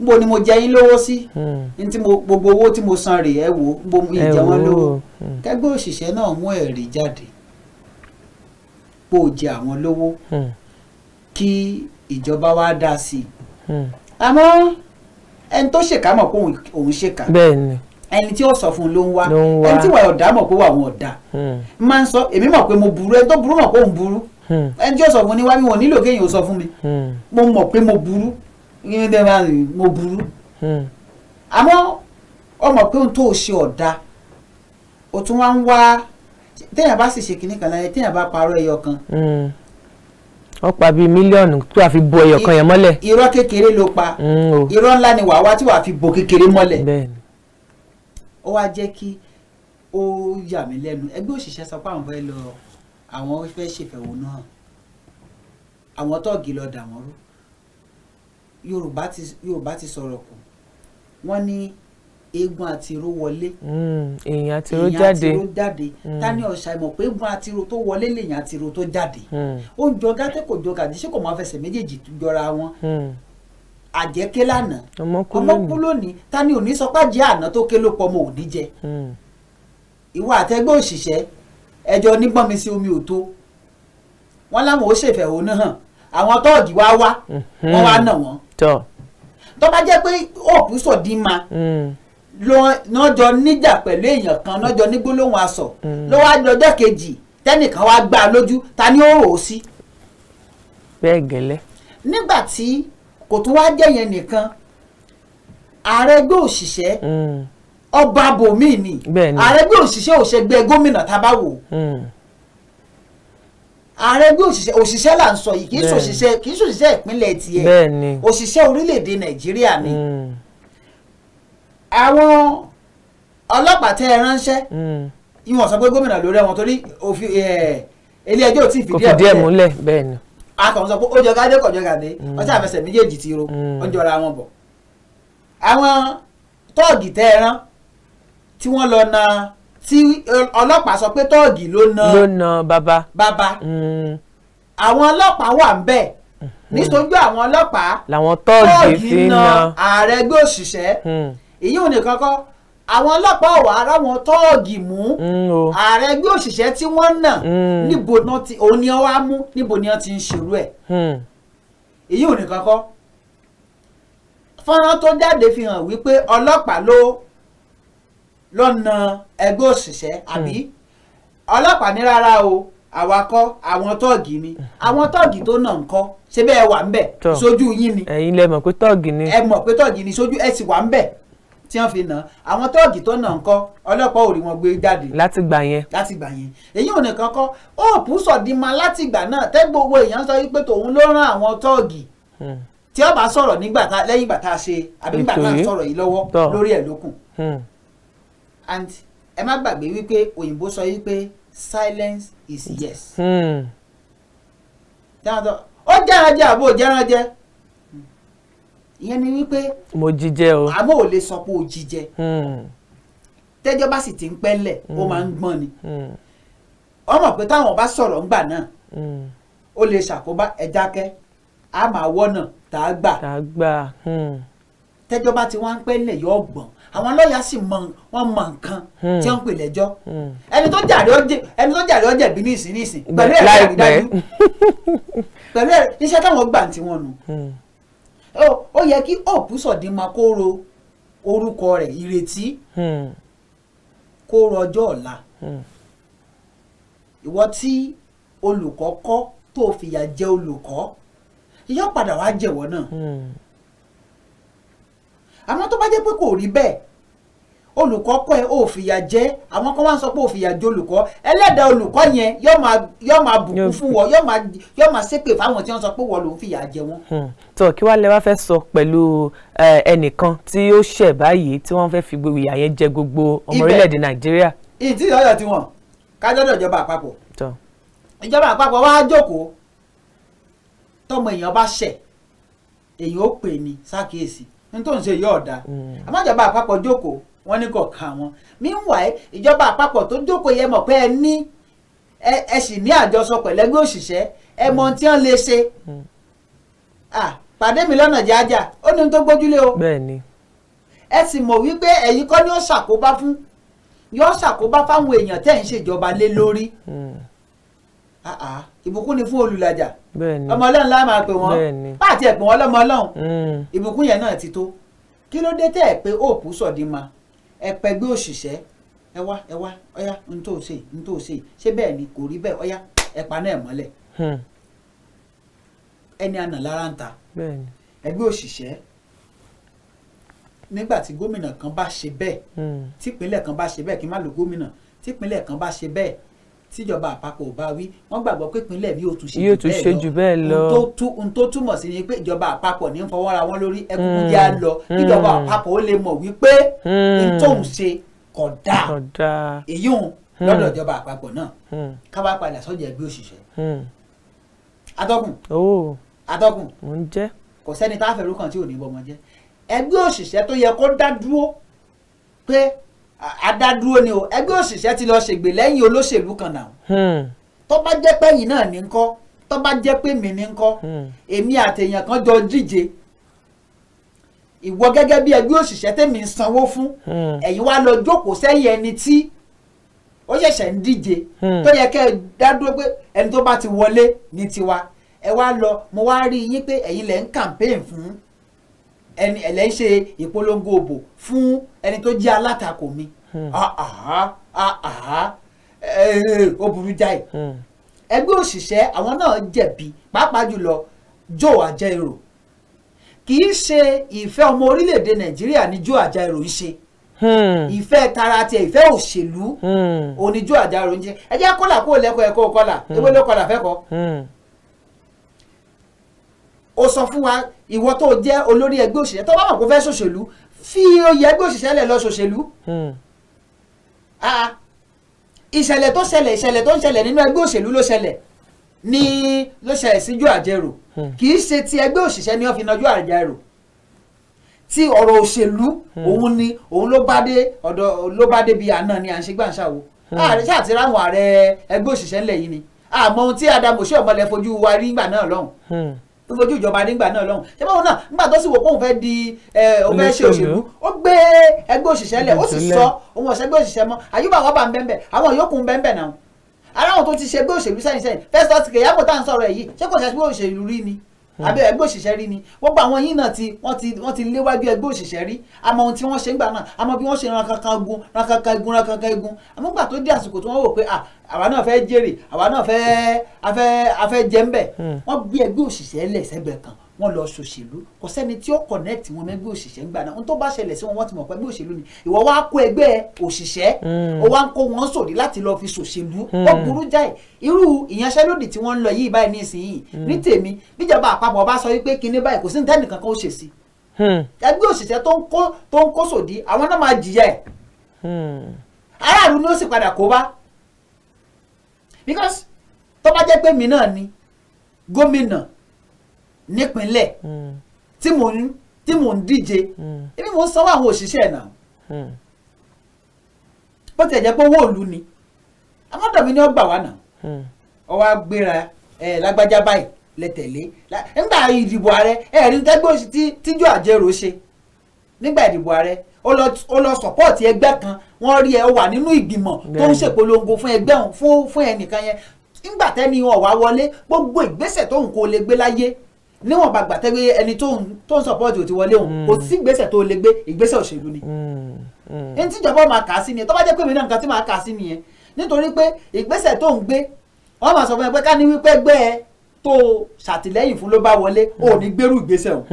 nbo ni mo jẹ yín lówó sí hmm. ntí mo gbogbo owó tí mo san rèé ẹ wò nbo mo ìjẹ wọn lówó kẹgbẹ́ òṣìṣẹ́ náà mú ẹ̀rí jáde pò jẹ àwọn lówó kí ìjọba wa dá sí i àmọ́ ẹni tó ṣèkà mọ̀ pé òun ṣèkà. ẹni tí ó sọ fún ló ń wá ẹni tí wàá ọ̀dà mọ̀ pé wà wọn ọ̀dà hmm. máa ń sọ èmi mọ̀ pé mo burú ẹni tó burú mọ̀ pé òun burú hmm. ẹni tí ó sọ fún ni wá wọn nílò kéèyàn ó sọ fún mi hmm. mo mọ̀ pé mo burú mo burú àmọ́ ọmọ pé ohun tó o ṣe ọ̀dà o tún ń bá sì ṣe kan láyé ó wá jẹ́ kí ó yà mí lẹ́nu ẹgbẹ́ òṣìṣẹ́ sọ pé àwọn fẹ́ lọ àwọn fẹ́ ṣèfẹ̀hónú hàn àwọn tọ́ọ̀gì lọ dà wọ́n rú yorùbá ti yorùbá ti sọ̀rọ̀ kù wọ́n ní eégún àtiró wọlé hmm, èèyàn àtiró jáde èèyàn àtiró jáde hmm. tani ọ̀sà ìmọ̀ pé eégún àtiró tó wọlé lèèyàn àtiró tó jáde hmm. ó ń jọ gàtẹ́ kò jọ gàdí ṣé kò máa fẹsẹ̀ méjèèjì jọra wọn àjẹké lánàá ọmọ kú lónìí ta ni òní sọ pé àjẹ àná tó ké ló pọ̀ ọmọ òní jẹ hmm. ìwà àtẹgbẹ́ òṣìṣẹ́ ẹjọ́ nígbọ́nmi sí omi òtó wọ́n láwọn ó ṣèfẹ̀hónú hàn àwọn tọ́ọ̀gì wá wá hmm. wọ́n wá nà wọ́n tó bá jẹ́ pé òkú sọ̀dí ma hmm. lọ́jọ́ níjà pẹ̀lú èèyàn kan lọ́jọ́ ní aṣọ ló wá kejì tẹ́nìkan wá gbá lójú ta ó rò ó sí. bẹ́ẹ̀ gẹ́lẹ́. nígbà tí kò tún wá jẹ́ yẹn nìkan ààrẹ òṣìṣẹ́ mm. ọba bòmíì ni ààrẹ ẹgbẹ́ òṣìṣẹ́ òṣègbè gómìnà tábà wò mm. ààrẹ ẹgbẹ́ òṣìṣẹ́ òṣìṣẹ́ là ń sọ yìí kì í ṣòṣìṣẹ́ kì í ṣòṣìṣẹ́ ìpínlẹ̀ tiẹ̀ òṣìṣẹ́ orílẹ̀-èdè nàìjíríà ni mm. àwọn ọlọ́pàá tẹ́ ẹ ránṣẹ́ ìwọ̀n sọ pé gómìnà ló rẹ́ wọn torí ilé ẹjọ́ ò tí ì fìdí ẹ̀ múlẹ̀ bẹ́ẹ̀ ni akọ̀ sọ pé ó jọ gàdé kọ̀jọ gàdé mm. ọtí àfẹsẹ̀ méjèèjì ti ro ó mm. jọra wọn bọ̀ àwọn tọ́ọ̀gì tẹ́ ẹ rán tí wọ́n lọ na tí ọlọ́pàá sọ pé tọ́ọ̀gì ló na ló na bàbá bàbá mm. àwọn ọlọ́pàá wà ń bẹ̀ mm-hmm. nítorí àwọn ọlọ́pàá làwọn tọ́ọ̀gì fi na ààrẹ gbé òṣìṣẹ́ èyí ò ní kankan àwọn ọlọ́pàá ọ̀wà ara wọn tọ́ọ̀gì mú mm, ààrẹ ẹgbẹ́ òṣìṣẹ́ tí wọ́n nà mm. níbo òun ni wọ́n á mú níbo ni wọ́n ti ń ṣerú ẹ̀ hmm. èyí ò ní kankan fọ́nrán tó jáde fi hàn wípé ọlọ́pàá ló lọ́nà ẹgbẹ́ òṣìṣẹ́ àbí hmm. ọlọ́pàá ní rárá o àwa kọ́ àwọn tọ́ọ̀gì ni hmm. àwọn tọ́ọ̀gì tó nà ń kọ́ ṣé bẹ́ẹ̀ wà ń bẹ̀ sójú yín ni ẹ̀yin lẹ mọ̀ pé tọ́ọ̀gì ni ẹ mọ̀ pé tọ́ọ̀gì ni sójú ẹ sì wà ń bẹ̀ tí wọ́n fi nà àwọn tóògì tó nà ń kọ́ ọlọ́pàá ò rí wọn gbé jáde. láti gbà yẹn. láti gbà yẹn èyí ò nìkan kọ́ òòpù sọ̀dìmọ̀ láti ìgbà náà tẹ́ gbogbo èèyàn sọ wípé tòun ló rán àwọn tóògì hmm. tí ó bá sọ̀rọ̀ nígbà tá lẹ́yìn ìgbà tá a ṣe àbí nígbà tá a sọ̀rọ̀ yìí lọ́wọ́ lórí ẹ̀ lókun. Hmm. and ẹ má gbàgbé wípé òyìnbó sọ wípé silence is yes. Hmm. ó jẹ́ranjẹ àbò jẹ́ranjẹ ìyẹn ni wípé. mo jíjẹ o. àmọ́ ò lè sọ pé o jíjẹ. Hmm. tẹ́jọ́ bá sì ti ń pẹ́lẹ̀ ó máa ń hmm. gbọ́n ni. ọmọ hmm. pé táwọn bá sọ̀rọ̀ ńgbà náà ó lè ṣàkóbá ẹja kẹ́ a máa wọ́nà tá a gbà. tá a gbà. tẹ́jọ́ bá ti wá ń pẹ́lẹ̀ yọ ọ̀gbọ̀n àwọn lọ́ọ̀yà sì mọ wọn mọ nǹkan tí wọ́n ń pè lẹ́jọ́ ẹni tó jàre ọjẹ bí nísìnyìí pẹ̀lú ẹ̀rí dájú pẹ̀lú ẹ̀rí iṣẹ́ táwọn gbà ń tiwọn nù ó yẹ kí hope sọ̀dínmọ́ kó ro orúkọ rẹ̀ ìrètí hmm. kó ro ọjọ́ ọ̀la hmm. ìwọ tí olùkọ́ kọ́ tó fìyà jẹ olùkọ́ yóò padà wá jẹ̀wọ́ náà hmm. àmọ́ tó bá jẹ́ pé kò rí bẹ́ẹ̀ olùkọ́ kọ́ ẹ ò fìyà jẹ́ àwọn kan wá ń sọ pé ò fìyà jẹ́ olùkọ́ ẹlẹ́dàá olùkọ́ yẹn yóò máa yóò máa bùkún fún wọn yóò máa yóò máa ṣépè fáwọn tí wọ́n sọ pé wọ́n ló ń fìyà jẹ wọ́n. Hmm. tó kí wàá lẹ wá fẹ́ sọ pẹ̀lú ẹnìkan tí ó ṣẹ̀ báyìí tí wọ́n fẹ́ fi ìyà yẹn jẹ gbogbo ọmọ orílẹ̀-èdè nàìjíríà. ìtì ìyọ̀yọ̀ tí wọ́n kájọ́dọ̀ ìjọba àpapọ̀ ìjọba àpapọ̀ wá jókòó tọmọ èèyàn bá ṣẹ̀ èèyàn ó pè ní sákèésì ní tó ń ṣe yọ̀ọ̀dà hmm. àmọ́ ìjọba àpapọ̀ jókòó wọ́n ní kò kàn wọ́n meanwhile ìjọba àpapọ̀ tó jókòó yẹ mọ̀ pé ẹ ní ẹ sì ní àjọsọ pẹ̀lú ẹgbẹ́ òṣìṣẹ́ ẹ mọ ohun tí wọ́n lè ṣe hmm. pàdé mi lọ́nà jájà ó ní ohun tó gbójúlé o ẹ sì mọ̀ wípé ẹ̀yin kọ́ ni ó ṣàkóbá fún yóò ṣàkóbá fáwọn èèyàn tẹ́ ń ṣèjọba lé lórí hmm. ìbùkún ni fún olùlàjà ọmọ ọlọ́run láì máa pè wọ́n pàtì ẹ̀pẹ̀ wọn lọ́mọ ọlọ́run hmm. ìbùkún yẹn náà ti tó kí ló dé tẹ́ ẹ̀ pé òòpù sọ̀dí ma ẹ pẹgbẹ́ òṣìṣẹ́ ẹ wá ẹ wá ọyá n tó ṣe n tó ṣe ṣé bẹ́ẹ̀ ni kò rí bẹ́ẹ̀ ọyá ẹ paná ẹ̀ mọ́lẹ̀ hmm. ẹni àná lára ń ta ẹgbẹ́ òṣìṣẹ́ nígbà tí gómìnà kan bá ṣe bẹ́ẹ̀ hmm. típínlẹ̀ kan bá ṣe bẹ́ẹ̀ kí n má lo gómìnà típínlẹ̀ kan bá ṣe bẹ́ẹ̀ tíjọba àpapọ̀ ò bá wí wọ́n gbàgbọ́ pé ìpínlẹ̀ yóò tún ṣe jù bẹ́ẹ̀ lọ ohun tó túmọ̀ sí ni pé ìjọba àpapọ̀ ní fọwọ́ra wọn lórí ẹkùnkùn jẹ́ à mm, lọ ìjọba mm. àpapọ̀ ó lè mọ̀ wípé ohun mm. tóun ṣe kò dáa èyí òun lọ́dọ̀ ìjọba àpapọ̀ náà ká wá padà sọ́jà ẹgbẹ́ òṣìṣẹ́ atọ́kùn oh. atọ́kùn kò sẹ́ni tá a fẹ́ rú tí ò ní bọ́ ọmọ jẹ́ ẹgbẹ́ òṣìṣẹ́ tó yẹ kó dá dúró pé adádúró ni o ẹgbẹ́ òṣìṣẹ́ ti lọ ṣègbè lẹ́yìn olóṣèlú kan náà hmm. tó bá jẹ́ pé yìí náà ní ń kọ́ tó bá jẹ́ pé mi ní ń kọ́ hmm. èmi àtẹ̀yàn kan jọ díje ìwọ gẹ́gẹ́ bí ẹgbẹ́ òṣìṣẹ́ tèmi ń sanwó fún hmm. ẹ̀yin wá lọ jókòó sẹ́yìn ẹni tí ó ṣẹ̀ṣẹ̀ ń díje tó yẹ kẹ́ ẹ dádúró pé ẹni tó bá ti wọlé ní tiwa ẹ wá lọ mo wá rí yín pé ẹ̀yin lẹ̀ ń campaign fún ẹni ẹ̀lẹ́ ń ṣe ìpolongo òbò fún ẹni tó jẹ́ alátakò mi hmm. ah, ah, ah, eh, ó burú jáì hmm. ẹgbẹ́ òṣìṣẹ́ àwọn náà jẹ̀bi pàápàá jùlọ Joe Ajaero kì í ṣe ìfẹ́ ọmọ orílẹ̀-èdè Nàìjíríà ni Joe Ajaero ń ṣe hmm. ìfẹ́ tara tiẹ̀ ìfẹ́ òṣèlú oníjó àjàrò ń jẹ́ ẹ jẹ́ kọ́là kó lẹ́kọ̀ọ́ ẹ̀kọ́ kọ́là ewé ló kọ́là fẹ́kọ̀ọ́ ó sọ fún wa ìwọ tó jẹ́ olórí ẹgbẹ́ òṣìṣẹ́ tó bá wà kó fẹ́ ṣòṣèlú fi oyè ẹgbẹ́ òṣìṣẹ́ lẹ̀ lọ ṣòṣèlú. Hmm. ìṣẹ̀lẹ̀ tó ṣẹlẹ̀ ìṣẹ̀lẹ̀ tó ń ṣẹlẹ̀ nínú ẹgbẹ́ òṣèlú ló ṣẹlẹ̀ ní ló ṣẹlẹ̀ síjú àjẹrò hmm. kì í ṣe ti ẹgbẹ́ òṣìṣẹ́ ni wọ́n fi nájú àjẹrò tí ọ̀rọ̀ òṣèlú hmm. òun ni òun ló bá dé ọ̀dọ̀ ló bá dé bí àná ni à ń ṣe gbàǹṣàwò ààrẹ ṣáà ti ráwọn ààrẹ ẹgbẹ́ òṣìṣẹ́ ńlẹ̀ yìí ni àmọ́ ohun tí Adam Osei Ọmọlẹ̀ fojú wa rí nígbà náà lọ́hùn tó fojú ìjọba nígbà náà lọ́hùn ṣé báwo náà nígbà tó sì wò pé òun fẹ́ di òun fẹ́ ṣe òṣèlú ó gbé ẹgbẹ́ òṣìṣẹ́ lẹ̀ ó sì sọ òun ọ̀sẹ̀ gbé òṣìṣẹ́ mọ́ àyùbá wa bá ń bẹ́ẹ̀ bẹ́ẹ̀ àwọn yòókù ń bẹ́ẹ̀ bẹ́ẹ̀ náà aráwọn tó ti ṣe gbé òṣèlú sẹ́yìn sẹ́yìn Festus Keyamo tá à ń sọ̀rọ̀ yìí ṣé kò ṣe gbé òṣèlú rí ni àbí ẹgbẹ́ òṣìṣẹ́ rí ni gbogbo àwọn yìí náà ti wọ́n ti wọ́n ti léwájú ẹgbẹ́ òṣìṣẹ́ rí àmọ́ ohun tí wọ́n ṣe ń gbà náà àmọ́ bí wọ́n ṣe ran kankan gun ran kankan igun ran kankan igun àmọ́ gbà tó dé àsìkò tí wọ́n wò pé àwa náà fẹ́ jèrè àwa náà fẹ́ afẹ́ afẹ́ jẹ́ ń bẹ̀ hmm. wọ́n gbé ẹgbẹ́ òṣìṣẹ́ lẹ̀ sẹ́gbẹ̀ẹ́ kan wọ́n lọ ṣòṣèlú kò sẹ́ni tí ó connect wọn mẹ́gbẹ́ òṣìṣẹ́ ńgbà náà ohun tó bá ṣẹlẹ̀ sí wọn wọ́n ti mọ̀ pé ẹgbẹ́ òṣèlú ni ìwọ wá kó ẹgbẹ́ òṣìṣẹ́ hmm. o wá ń kó wọn sòrí láti lọ fi ṣòṣèlú hmm. ó burú jáì irú ìyanṣẹ́lódì tí wọ́n ń lọ yìí báyìí nísìnyí hmm. ní tèmi bíjọba àpapọ̀ bá sọ wípé kinní báyìí kò sí ní tẹ́nìkan kan ó ṣe sí ẹgbẹ́ òṣìṣẹ́ tó ń kó tó ń kó sòdí àwọn náà máa jìyà ẹ̀ aráàlú ni ó sì padà kó bá because tó bá jẹ́ pé mi náà gómìnà nípínlẹ̀ hmm. tí mò ń tí mò ń díje ebi hmm. mò ń sanwó àwọn òṣìṣẹ́ náà hmm. bó tiẹ̀ jẹ́ pé owó òlu ni amọ́dọ̀ mi ni ó gbà wá náà ó wá gbéra lágbájá báyìí lẹ́tẹ̀lé nígbà ìdìbò ààrẹ ẹ̀rí tẹ́gbẹ́ òṣì tí tíjọ́ àjẹrò ṣe nígbà ìdìbò ààrẹ ó lọ sọ̀pọ́ọ̀tì ẹgbẹ́ kan wọ́n rí ẹ wà nínú ìgbìmọ̀ tó ń ṣèpolongo fún ẹgbẹ́ òun fún ẹnìkan yẹn nígbà tẹ́ni wọn wá wọlé gbogbo ìgbésẹ̀ tóun kò lè gbé láyé níwọ̀n bàgbà tẹ́gbẹ́ ẹni tó ń support ò wọlé òun kò mm. sí ìgbésẹ̀ tó lè gbé ìgbésẹ̀ òṣèlú ni mm. Mm. ẹni tí ìjọba máa kà á sí nìyẹn tó bá jẹ́ pé mi náà nǹkan tí máa kà á sí nìyẹn nítorí pé ìgbésẹ̀ tó ń gbé wọ́n máa sọ fún ẹ pé ká ní wípé gbé ẹ tó ṣàtìlẹ́yìn fún ló bá wọlé ò ní gbérù ìgbésẹ̀ o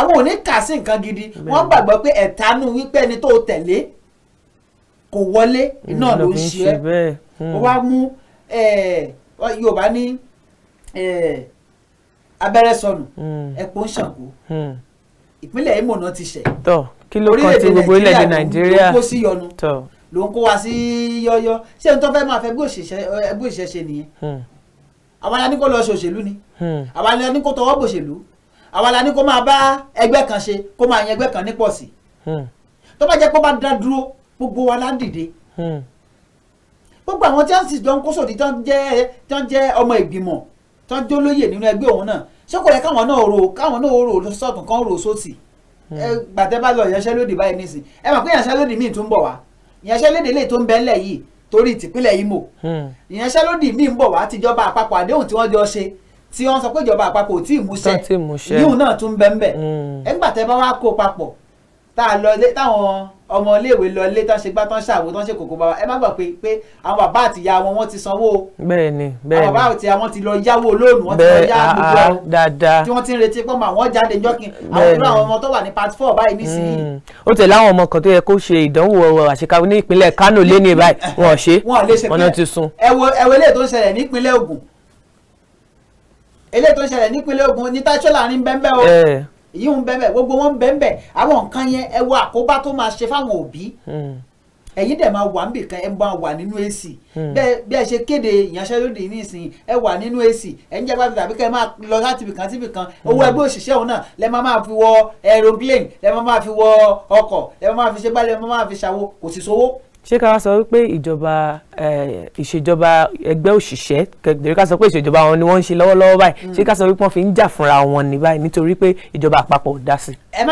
àwọn ò kà sí nǹkan gidi wọ́n gbàgbọ́ pé ẹ̀tanú wípé ẹni tó tẹ̀lé kò wọlé náà ló ń ṣe ẹ́ ó wá mú Yorùbá ní abẹ́rẹ́ sọnù ẹ̀pọ̀ hmm. ń ṣàkó hmm. ìpínlẹ̀ Imo náà ti ṣẹ̀ orílẹ̀-èdè Nàìjíríà ló ń kó sí yọnu ló ń kó wa sí yọ́yọ́ ṣé n tó fẹ́ máa fẹ́ ẹgbẹ́ ìṣẹ̀ṣe nìyẹn hmm. àwa la ní kó lọ ṣe òṣèlú ni àwa la ní kó tọwọ́ bòṣèlú àwa la ní kó máa bá ẹgbẹ́ kan ṣe kó máa yan ẹgbẹ́ kan nípò sí tó bá jẹ́ kó bá dá dúró gbogbo wa la ń gbogbo àwọn tí jọ ń kó sòdì tí jẹ́ ọmọ ìgbìmọ̀ tọ́jú lóye nínú ẹgbẹ́ òun náà ṣé kò yẹ káwọn náà rò káwọn náà rò sọ́tún kan rò sótì hmm. gbàtẹ́ bá lọ ìyanṣẹ́lódì báyìí nísìn ẹ mọ̀ pé ìyanṣẹ́lódì míì tún bọ̀ wá ìyanṣẹ́lódì lè tó ń bẹ́ńlẹ̀ yìí torí ìtìpínlẹ̀ Imo hmm. ìyanṣẹ́lódì míì ń bọ̀ wá tìjọba àpapọ̀ àdéhùn tí wọ́n jọ ṣe tí wọ́n sọ pé ìjọba àpapọ̀ ò tí ì múṣẹ́ yíhùn náà tún bẹ́ńbẹ́ hmm. ẹgbàtẹ́ bá wá kó papọ̀ táwọn ọmọ iléèwé lọ ilé tán ṣe gbá tán ṣàwo tán ṣe kòkó bàbá ẹ má gbà pé pé àwọn bàbá àtìyá wọn wọ́n ti sanwó. bẹ́ẹ̀ni bẹ́ẹ̀ni àwọn bàbá àtìyá wọn ti lọ yáwó lóònù wọn ti lọ yá gbogbo dáadáa tí wọ́n ti ń retí pé àwọn jáde jọkin àwọn ìlú àwọn ọmọ tó wà ní part four báyìí hmm. nísìnyí. ó tẹ̀lé àwọn ọmọ kan tó yẹ kó ṣe ìdánwò àṣekáwé ní ìpínlẹ̀ Kánò lé ní báyìí wọn ò ṣe wọn ti sùn. ẹ wo ẹ wo eléyìí tó ń ṣẹlẹ̀ nípínlẹ̀ Ògùn eléyìí tó ń ṣẹlẹ̀ nípínlẹ̀ Ògùn ní táṣọ́là ní bẹ́ńbẹ́ o èyí ń bẹ́ẹ̀ bẹ́ẹ̀ gbogbo wọn ń bẹ́ẹ̀ bẹ́ẹ̀ àwọn nǹkan yẹn ẹ wo àkóbá tó máa ṣe fáwọn òbí hmm. ẹ̀yin dẹ̀ máa wà níbì kan ẹ máa wà nínú èsì hmm. bí ẹ ṣe kéde ìyanṣẹ́lódì nísìnyí ẹ wà nínú èsì ẹ ń jẹ́ pàtàkì tàbí kẹ́ ẹ máa lọ láti ibìkan sí ibìkan owó hmm. ẹgbẹ́ òṣìṣẹ́ òun náà lẹ máa fi wọ aeroplane lẹ máa fi wọ ọkọ̀ lẹ máa fi ṣe gbá lẹ máa fi ṣàwo kò sì sówó ṣé ká wá sọ wípé ìjọba ìṣèjọba ẹgbẹ́ òṣìṣẹ́ kẹ̀kẹ́ ká sọ pé ìṣèjọba wọn ni wọ́n ń ṣe lọ́wọ́lọ́wọ́ báyìí mm. ṣé ká sọ wípé wọ́n fi ń jà fúnra wọn ní báyìí nítorí pé ìjọba àpapọ̀ dá sí. ẹ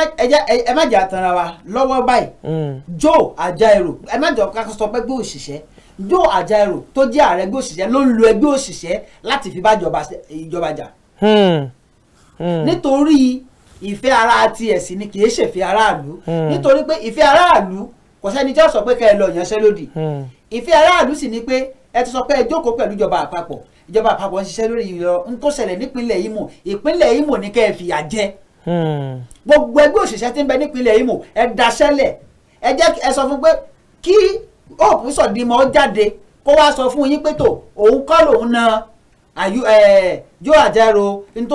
má jà tanra wa lọ́wọ́ báyìí mm. Joe Ajaero ẹ má jọ ká sọ pé ẹgbẹ́ òṣìṣẹ́ Joe Ajaero tó jẹ́ ààrẹ ẹgbẹ́ òṣìṣẹ́ ló ń lo ẹgbẹ́ òṣìṣẹ́ láti fi bá ìjọba jà hmm. Hmm. nítorí ìfẹ́ ara tiẹ̀ sí ni kì aráàlú hmm kò sẹ́ni tí ó sọ pé kẹ́ ẹ lọ yànṣẹ́ lódì hmm. ìfẹ́ aráàlú sì ni pé ẹ ti sọ pé ẹ jókòó pẹ̀lú ìjọba àpapọ̀ ìjọba àpapọ̀ ń ṣiṣẹ́ lórí ìlọ ń tó ṣẹlẹ̀ nípínlẹ̀ Imo ìpínlẹ̀ Imo ni kẹ́ ẹ fìyà jẹ hmm. gbogbo ẹgbẹ́ òṣìṣẹ́ tí ń bẹ nípínlẹ̀ Imo ẹ daṣẹ́lẹ̀ ẹ jẹ́ ẹ sọ fún pé kí hope sọ̀dìmọ̀ jáde kó wá sọ fún yín pé tó òun kọ́ lòun náà àyù ẹ Joe Ajero n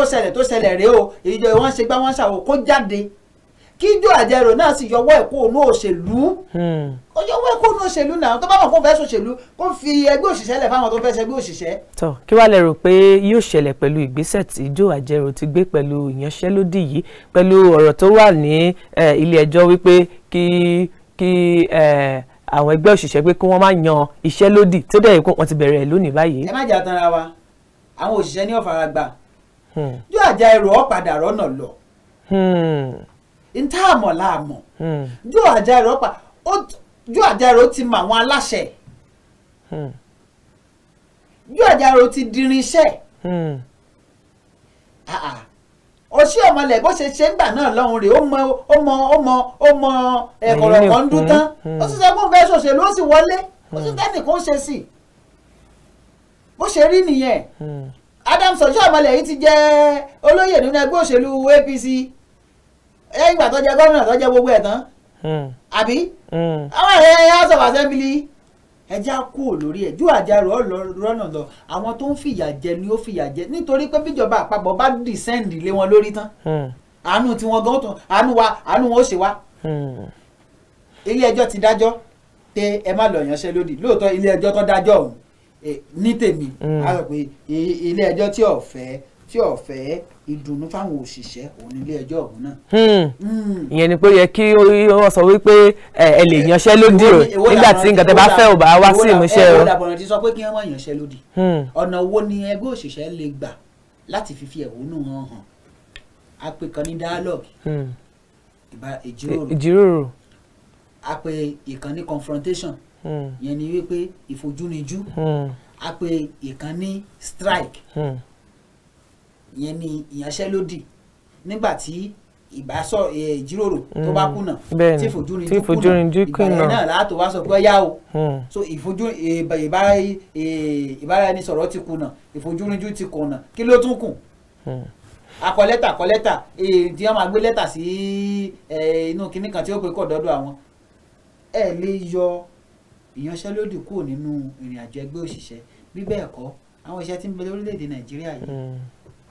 kíjọ àjẹrò náà sì yọwọ́ ẹ̀kọ́ òun òṣèlú hmm. ó yọwọ́ ẹ̀kọ́ òun òṣèlú náà tó bá wọn kó fẹ́ ṣòṣèlú kó fi ẹgbẹ́ òṣìṣẹ́ lẹ̀ fáwọn tó fẹ́ ṣẹgbẹ́ òṣìṣẹ́. tó kí wàá lè rò pé yóò ṣẹlẹ̀ pẹ̀lú ìgbésẹ̀ tí Ìjọ Àjẹrò ti gbé pẹ̀lú ìyanṣẹ́lódì yìí pẹ̀lú ọ̀rọ̀ tó wà ní ilé ẹjọ́ wípé kí kí àwọn ẹgbẹ́ òṣìṣẹ́ pé kí wọ́n má yan iṣẹ́ lódì tó dẹ̀ ikú wọn ti bẹ̀rẹ̀ ẹ̀ lónìí báyìí. ẹ ntaamọ̀ láàmọ̀ hmm. Joe Ajaero pa Joe Ajaero ti mọ àwọn aláṣẹ hmm. Joe Ajaero ti dirinṣẹ́ òṣì hmm. ọmọlẹ̀ bó ṣe ṣe ń gbà náà lọ́hùn rè ó mọ ó mọ ó mọ ó mọ ẹ̀kọ̀rọ̀ kan dún tán ó sì sọ pé òun fẹ́ ṣòṣèlú ó sì wọlé ó sì tẹ́nìkan ṣe sí bó ṣe rí nìyẹn Adams òṣì ọmọlẹ̀ yìí ti jẹ́ olóyè nínú ẹgbẹ́ òṣèlú APC ẹ ìgbà tó gómìnà tó gbogbo ẹ̀ tán hmm. àbí hmm. àwọn ẹ̀yẹ house of assembly ẹja kú lórí ẹ ju àjàrò ọlọ́rọ̀ lọ àwọn tó ń fìyà jẹ ni ó fìyà jẹ nítorí pé bíjọba àpapọ̀ bá dìsẹ́ǹdì lé wọn lórí tán hmm. àánú tiwọn gan tún àánú wa àánú wọn ó ṣe wá ilé ẹjọ́ ti dájọ́ pé ẹ má lọ yanṣẹ́ lódì lóòótọ́ ilé ẹjọ́ tó dájọ́ ọ̀hún eh, ní tèmi a rò pé ilé ẹjọ́ tí ò tí ó fẹ́ ìdùnnú fáwọn òṣìṣẹ́ òun nílé ẹjọ́ ọ̀hún náà. Hmm. Hmm. ìyẹn ni pé ó yẹ kí wọ́n sọ wípé ẹ lè yanṣẹ́ lódì o nígbà tí nǹkan tẹ́ bá fẹ́ ò bá wá sí ìmúṣẹ o. ìwọ́dà bọ̀rọ̀ ti sọ pé kí wọ́n yanṣẹ́ lódì. Hmm. ọ̀nà wo ni ẹgbẹ́ òṣìṣẹ́ lè gbà láti fífi ẹ̀hónú hàn hàn a kan ní dialogue ìjíròrò a pè confrontation ìyẹn ni wípé ìfojúnijú a pè ìkan ní strike. Hmm ìyẹn ni ìyanṣẹ́lódì nígbà tí ìbásọ ìjíròrò tó bá hmm. kùnà tí ìfojúrinjú kùnà ìgbà náà látò wá sọ pé yá o hmm. so ìfojú ìbáraẹnisọ̀rọ̀ ti kùnà ìfojúrinjú ti kùnà kí ló tún kù hmm. akọ lẹ́tà akọ lẹ́tà tí wọ́n máa gbé lẹ́tà sí inú kinní kan tí ó pé kọ̀ dọ́dọ̀ àwọn ẹ lè yọ ìyanṣẹ́lódì kúrò nínú ìrìnàjò ẹgbẹ́ òṣìṣẹ́ bí bẹ́ẹ̀ kọ́ àwọn iṣẹ́ tí ń bẹ lórílẹ̀‐èdè Nàìjíríà yìí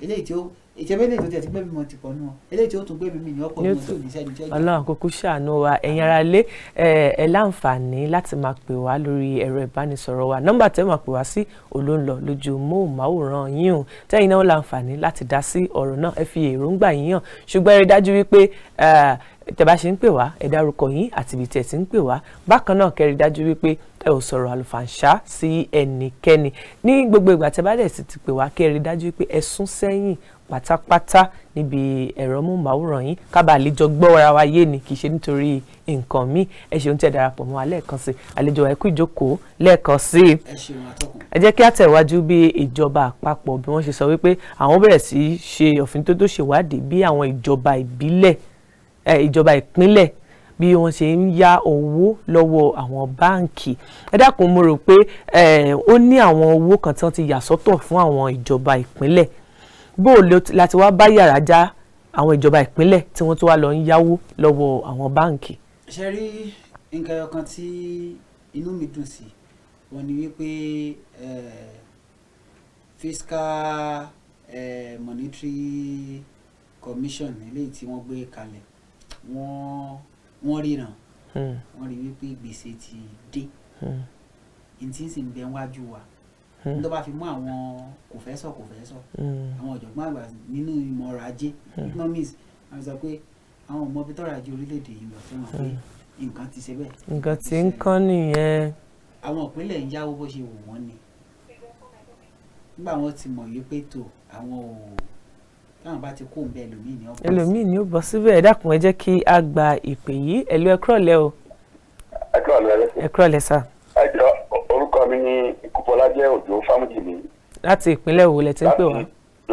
eléyìí tí ó ìjẹ́bẹ́ lè tó tẹ̀ sí pé mímọ ti pọ̀ nù ọ́ eléyìí tí ó tún gbé mi ní ọ̀pọ̀ mi tó ní sẹ́ni jẹ́jọ́. ọlọ́run kúkú ṣàánú wa ẹ̀yin ara lé ẹ láǹfààní láti máa pè wá lórí ẹ̀rọ ìbánisọ̀rọ̀ wa nọ́mbà tẹ́ máa pè wá sí olóńlọ lójú móhùnmáwòrán yín o tẹ́yìn náà láǹfààní láti dá sí ọ̀rọ̀ náà ẹ fi èròǹgbà yín hàn ṣùgbọ́n ẹ rí dájú wípé tẹ́bá ṣe ń pè wá ẹ dárúkọ yín àti ibi tí ẹ ti ń pè wá bákan náà kẹ́rí dájú wípé ẹ ò sọ̀rọ̀ àlùfàǹṣá sí ẹnikẹ́ni ní gbogbo ìgbà tẹ́bá dẹ̀ sì ti pè wá kẹ́rí dájú wípé ẹ sún sẹ́yìn pátápátá níbi ẹ̀rọ móhùnmáwòrán yín kábàá lè gbọ́ ara wa yé ni kì í ṣe nítorí nǹkan míì ẹ ṣeun tí ẹ darapọ̀ mọ́ wa lẹ́ẹ̀kan sí àlejò ẹ̀kú ìjókòó lẹ́ẹ̀kan sí i ẹ jẹ́ kí á tẹ̀wájú bí ìjọba àpapọ̀ bí wọ́n ṣe sọ wípé àwọn bẹ̀rẹ̀ sí ṣe òfin tó tó ṣèwádìí bí àwọn ìjọba ìbílẹ̀ Eh, ìjọba ìpínlẹ̀ bí wọ́n ṣe ń yá owó lọ́wọ́ àwọn báǹkì ẹ dákun mo rò pé eh, ó ní àwọn owó kan tí wọ́n ti yà sọ́tọ̀ fún àwọn ìjọba ìpínlẹ̀ bó láti wá bá yàrá já àwọn ìjọba ìpínlẹ̀ tí wọ́n tó wá lọ ń yáwó lọ́wọ́ àwọn báǹkì. ṣe rí nǹkan ọkàn tí inú mi dùn sí wọn ni wípé eh, fiscal monetary commission eléyìí tí wọ́n gbé kalẹ̀ wọ́n wọ́n ríran hmm. wọ́n rí wípé gbèsè ti dé hmm. ntí sì ń bẹ wájú wa hmm. nítorí bá fi mú àwọn kò fẹ́ sọ kò fẹ́ sọ àwọn ọ̀jọ̀gbọ́n àgbà nínú ìmọ̀ ọrọ̀ ajé economics wọ́n sọ pé àwọn ọmọ bí tọ́rọ̀ ajé orílẹ̀-èdè yìí lọ sẹ́wọ̀n pé nǹkan ti ṣe bẹ́ẹ̀. nǹkan ti ń kán nìyẹn. àwọn ìpínlẹ̀ ń yáwó bó ṣe wù wọ́n ni nígbà wọn ti mọ̀ wípé tó àwọn ò táwọn bá ti kó ń bẹ ẹlòmíì ní ọbọ. ẹlòmíì ní ọbọ síbẹ̀ ẹ dákun ẹ jẹ́ kí a gba ìpè yìí ẹ̀lú ẹ kúrọ̀lẹ́ o. ẹ kúrọ̀lẹ́. ẹ kúrọ̀lẹ́ sà. ẹ jọ orúkọ mi ni Ikúbọlájẹ́ Òjó Fámújìmí. láti ìpínlẹ̀ wo lẹ ti ń pè wá.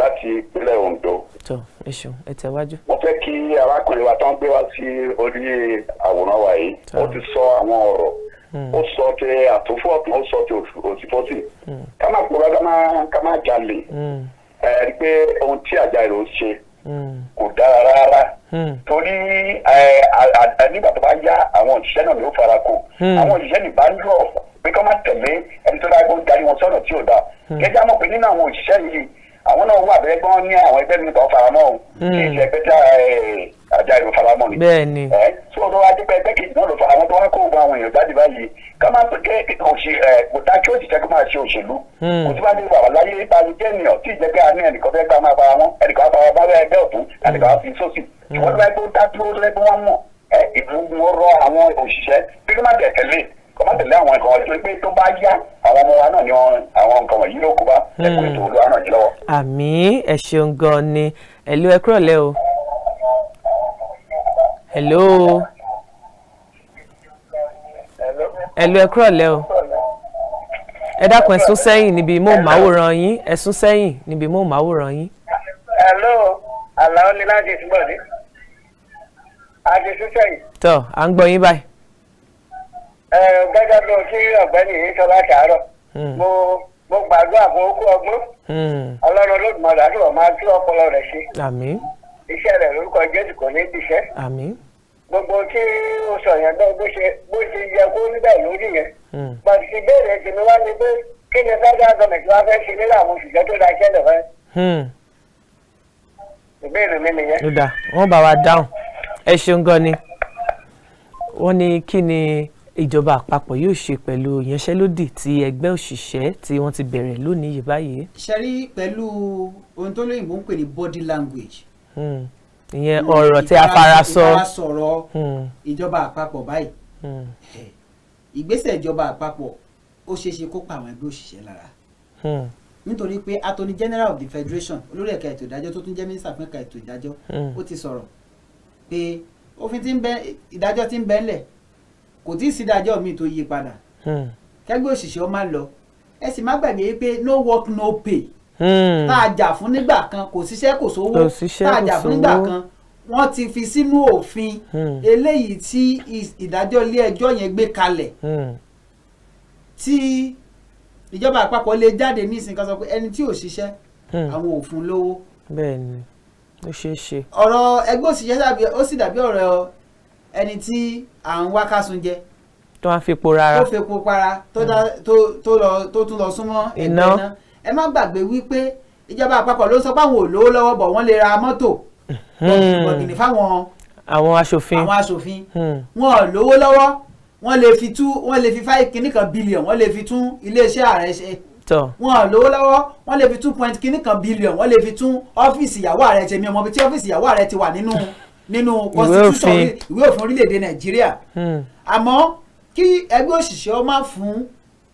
láti ìpínlẹ̀ Oǹdó. tó ẹ ẹ tẹ̀wájú. mo fẹ́ kí arákùnrin wa tó ń gbé wá sí orí àwòrán wa yìí ó ti sọ àwọn ọ̀rọ̀ hmm. ó sọ tẹ àtúfọ́ ó sọ tẹ òsì ẹ rí pé ohun tí Àjàyí ń ṣe hmm. kò dára rárá hmm. torí nígbà tó bá yá àwọn òṣìṣẹ́ náà ló fara kó hmm. àwọn òṣìṣẹ́ nìbá ń rọ̀ pé kọ́ má tẹ̀lé ẹni tó dáa gbọ́n darí wọn sọ́nà tí ò dáa gẹ́gẹ́ àmọ́ pé nínú àwọn òṣìṣẹ́ yìí àwọn náà wà bẹ́ẹ̀ gbọ́n ní àwọn ẹgbẹ́ mi kan faramọ́ o hmm. ìṣe ẹgbẹ́ tí eh, àjà ìlú faramọ́ ni. bẹ́ẹ̀ni. ẹ tí wọn wá dípẹ́ ẹgbẹ́ kejì náà ló faramọ́ tó wá kó gbọ́ àwọn èèyàn jáde báyìí ká máa pé kí òṣì ẹ eh, kò dá kí òṣìṣẹ́ kó máa ṣe òṣèlú. Hmm. kò tí bá dé wàhálà láyé nípa ní jẹ́nìyàn tí ìjẹ́gbẹ́ àní ẹnìkan fẹ́ gbá máa para wọn ẹnìkan wá para bá ẹgbẹ́ ọ̀tún hmm. ẹnìkan wá fi sósì. ṣùgbọ́n tó bá yẹ kó dá dúró lẹ́gbẹ́ wọn mọ̀ ẹ ìlú wọn rọ àwọn òṣìṣẹ́ bí kí má tẹ̀ tẹ̀lé kọ́ má tẹ̀lé àwọn nǹkan ọ̀tún pé tó bá yá àwọn ọmọ wa náà ni àwọn nǹkan wọ̀nyí ló kó bá ẹ̀kọ́ hmm. ètò olúwa ràn yín lọ́wọ́. àmì ẹ ṣeun gan ni ẹ̀lú ẹ kúrọ̀lẹ́ o. ẹ̀lú ẹ̀lú ẹ kúrọ̀lẹ́ o ẹ dákun ẹ sún sẹ́yìn níbi móhùnmáwòrán yín ẹ sẹ́yìn níbi móhùnmáwòrán yín. ẹ̀lú àlàó ni láti ìsúbọ̀dé àti sísẹ́yìn. tọ́ à ń gbọ́ yín báyìí gẹ́gẹ́ bí o ti ọ̀gbẹ́ni yìí sọ láti àárọ̀ mo mo gbàdúrà fún okú ọgbọ́n hmm. ọlọ́run olódùmarè àti wọn máa tú ọpọlọ rẹ̀ ṣe iṣẹ́ rẹ̀ lórúkọ jésù kò ní bìṣẹ́ gbogbo tí o sọ yẹn bẹ́ẹ̀ bó ṣe bó ṣe yẹ kó níbẹ̀ lórí yẹn pàtó hmm. ìbéèrè tèmi wá ni pé kí ni federal government wá fẹ́ ṣe nílẹ̀ àwọn òṣìṣẹ́ tó da iṣẹ́ lẹ̀ fẹ́. Hmm. ìbéèrè mi nìyẹn. ó dà wọ́n bá wa dáhùn ẹ ṣeun gan ni wọ́n ní kí ni ìjọba àpapọ̀ yóò ṣe pẹ̀lú ìyanṣẹ́lódì tí ẹgbẹ́ òṣìṣẹ́ tí wọ́n ti bẹ̀rẹ̀ lónìí yìí báyìí. ṣẹ́rí pẹ̀lú ohun tó lóyìnbó ń pè ní body language. Hmm. ìyẹn ọ̀rọ̀ tí a fara sọ ìfarasọ̀rọ̀ hmm. ìjọba àpapọ̀ báyìí. Hmm. ìgbésẹ̀ ìjọba àpapọ̀ ó ṣeé ṣe kó pa àwọn ẹgbẹ́ òṣìṣẹ́ lára. nítorí pé attorney general of the federation olórí ẹ̀ka ètò ìdájọ́ tó tún jẹ́ mínísítà fún ẹ̀ka ètò ìdájọ́ ó ti sọ̀rọ̀ pé òfin tí ń bẹ ìdájọ́ kò tí ì sí ìdájọ́ míì tó yí padà hmm. kẹgbẹ́ òṣìṣẹ́ ó má lọ ẹ sì má gbàgbé pé no work no pay hmm. tá a jà fún nígbà kan kò síṣẹ́ kò sówó tá a jà fún nígbà kan wọ́n ti fi sínú òfin hmm. eléyìí tí ìdájọ́ ilé ẹjọ́ yẹn gbé kalẹ̀ tí ìjọba àpapọ̀ lè jáde nísìnyí kan sọ pé ẹni tí ò ṣiṣẹ́ àwọn ò lówó. bẹ́ẹ̀ni ó ṣeé ṣe. ọ̀rọ̀ ẹgbẹ́ òṣìṣẹ́ ó sì dàbí ọ̀rọ̀ ẹni tí à ń wá kásùn jẹ tó wá fepo rárá tó fepo para tó tún lọ súnmọ́ ẹgbẹ́ náà ẹ má gbàgbé wípé ìjọba àpapọ̀ ló sọ páwọn ò lówó lọ́wọ́ bọ̀ wọ́n lè ra mọ́tò hmm. bọ̀gìnì fáwọn àwọn aṣòfin àwọn aṣòfin hmm. wọn ò lówó lọ́wọ́ wọ́n lè fi tú wọ́n lè fi five kìíní kan bílíọ̀n wọ́n lè fi tún iléeṣẹ́ ààrẹ ṣe wọn ò lówó lọ́wọ́ wọ́n lè fi two point kìíní kan bílíọ̀n wọ́n lè fi tún ọ́fíìsì ìyàwó ààrẹ ṣe mi ọmọ bíi tí ọ́fíìsì ìyàwó ààrẹ ti wà nínú nínú constitution ìwé òfin orílẹ̀-èdè nàìjíríà hmm. àmọ́ kí ẹgbẹ́ òṣìṣẹ́ ó má fún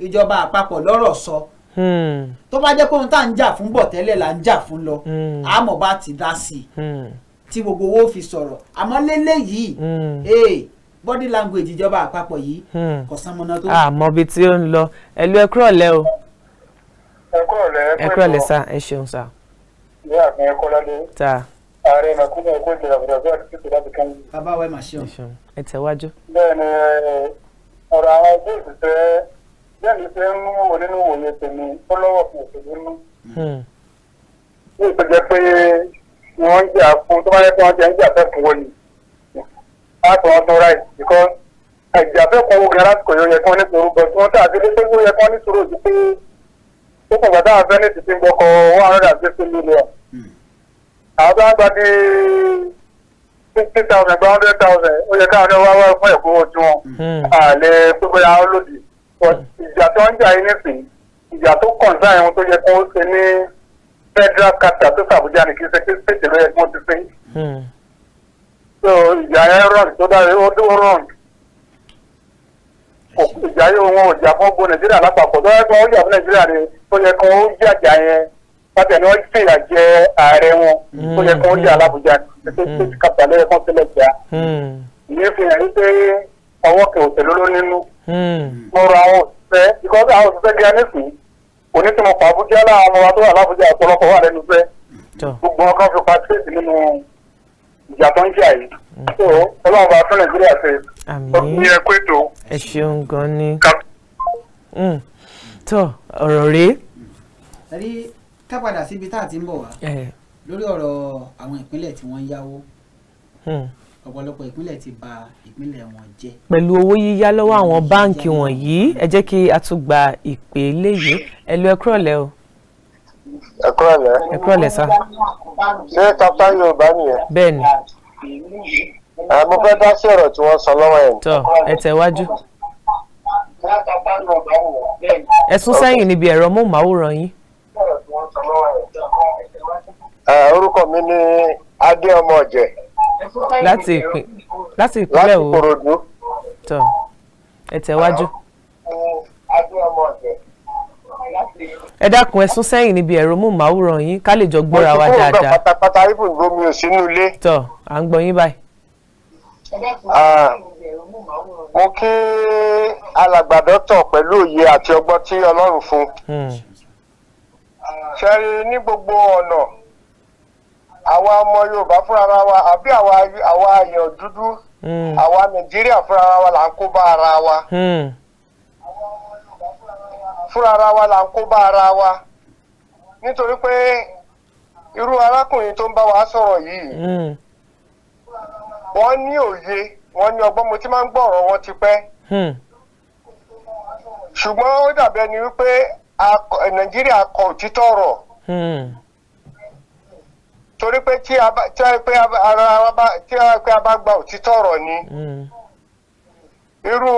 ìjọba àpapọ̀ lọ́rọ̀ sọ hmm. tó bá jẹ́ pé ohun tá à ń jà fún bọ̀ tẹ́lẹ̀ là ń jà fún lọ àmọ́ hmm. bá ti dá sí i tí gbogbo owó fi sọ̀rọ̀ àmọ́ lélẹ́yìí eh, body language ìjọba àpapọ̀ yìí kò sánmọ́ná tó. àmọ́ bíi tí ó ń lọ ẹ̀lú ẹ̀kú ọ̀lẹ́ o. ẹ̀kú ọ̀lẹ́ ẹ̀kú ọ̀lẹ́ sá ẹ ṣeun sá. ìyá mi ẹ̀kọ́ ààrẹ nàkúnmọ̀ ẹ̀kọ́ ìjọba àbùdàbọ̀ àti títí láti kán. bàbá wa ẹ máa ṣe ọ. ẹ tẹ̀wájú. bẹ́ẹ̀ni ọ̀rọ̀ àwọn ọdún ìṣiṣẹ́ bẹ́ẹ̀ni ṣe ń wò nínú òye tèmi tó lọ́wọ́ fún òṣèlú nú. ní ìpèjẹ pé wọ́n ń jà fún tó bá yẹ kí wọ́n jẹ́ ń jà fẹ́kùn wọ ni láti wọn tún ráì because ẹ̀jẹ̀ àfẹ́kùn owó gan lásìkò yóò yẹ kí wọ́n ní sòrò bọ̀ tí wọ́n tà àti pé ó yẹ kí wọ́n ní sòrò ju ó kàn gbàdá àfẹ́ ní ti ti ń gbọ́kọ̀ one hundred and fifty million àwọn bá gba ní fifty thousand gba hundred thousand ó yẹ káwọn wá wá fún ẹ̀kọ́ ojú wọn àlẹ́ gbogbo ya lòdì ìjà tó ń jà yín nísìnyí ìjà tó kàn sáà ẹ̀hún tó yẹ kó ṣe ní federal capital tó sàbújá ní kí ṣe kí ṣèjì ló yẹ kí wọ́n ti ṣe. Hmm. so ìjà yẹn rọrùn tó dára ó dúró rọrùn ìjà yóò wọn ò jà fún gbogbo nàìjíríà lápapọ̀ tó yẹ kí wọ́n jà fún nàìjíríà ni tó yẹ kí wọ́n jàjà yẹn lábẹ́ ni wọ́n ti fìyà jẹ ààrẹ wọn hmm, tó yẹ kó jẹ́ hmm. alábùjá ẹgbẹ́ state capital ló yẹ kó tẹ́lẹ̀ jà ìyẹn fi hàn wípé ọwọ́ kẹ òtẹ̀ ló ló nínú lọ́rọ̀ hmm. àwọn òṣìṣẹ́ because àwọn òṣìṣẹ́ gíga nísìnyí onítìmọ̀pọ̀ Àbújá láwọn ọmọ wa tó wà lábùjá ọ̀pọ̀lọpọ̀ wà lẹ́nu fẹ́ gbogbo ọkàn fi patrice nínú ìjà tó ń jà yìí so Ọlọ́run bá fún Nàìjíríà ṣe ọkùnrin ẹ pé tó. ẹ ṣeun gan ni tó ọ̀rọ̀ rèé ká padà síbi tá a ti ń bọ̀ wá lórí ọ̀rọ̀ àwọn ìpínlẹ̀ tí wọ́n yáwó hmm. ọ̀pọ̀lọpọ̀ ìpínlẹ̀ ti bà ìpínlẹ̀ wọn jẹ́. pẹ̀lú owó yíyá lọ́wọ́ àwọn báǹkì wọ̀nyí ẹ jẹ́ kí a tún gba ìpè léyìí ẹ lo ẹ kúrọ̀lẹ́ o. ẹ kúrọ̀lẹ́. ẹ kúrọ̀lẹ́ sá. ṣé Kaftan Yorùbá nìyẹn. bẹ́ẹ̀ni. mo fẹ́ dá sí ọ̀rọ̀ tí wọ́n sọ lọ́wọ́ ẹ̀. tọ ẹ tẹ̀wájú. ẹ sún sẹ́yìn níbi ẹ̀rọ móhùnmáwòrán yín. orúkọ mi ni adéọmọjẹ. láti ìpín láti ìpínlẹ̀ wo láti tọ ẹ tẹ̀wájú. ẹ dákun ẹ sún sẹ́yìn níbi ẹ̀rọ mú màwúrán yín ká lè jọ gbọ́ra wa dáadáa. mo ti kúrò tọ à ń yín báyìí. mo kí alàgbà pẹ̀lú òye àti ọgbọ́n tí ọlọ́run fún hmm. àwa ọmọ Yorùbá fúnra ara wa àbí àwa ayọ̀ dúdú hmm. àwa Nàìjíríà fúnra ara wa là ń kó bá ara wa hmm. fúnra ara wa là ń kó bá ara wa nítorí pé irú arákùnrin tó ń bá wa sọ̀rọ̀ yìí hmm. wọ́n ní òye wọ́n ní ọgbọ́n mo ti máa ń gbọ́rọ̀ wọn tipẹ́ ṣùgbọ́n ó dàbí ẹni wípé Nàìjíríà kọ òtítọ́ ọ̀rọ̀. torí pé tí a bá tí a pé ara wa bá tí a pé a bá gba òtítọ́ ọ̀rọ̀ ni mm. irú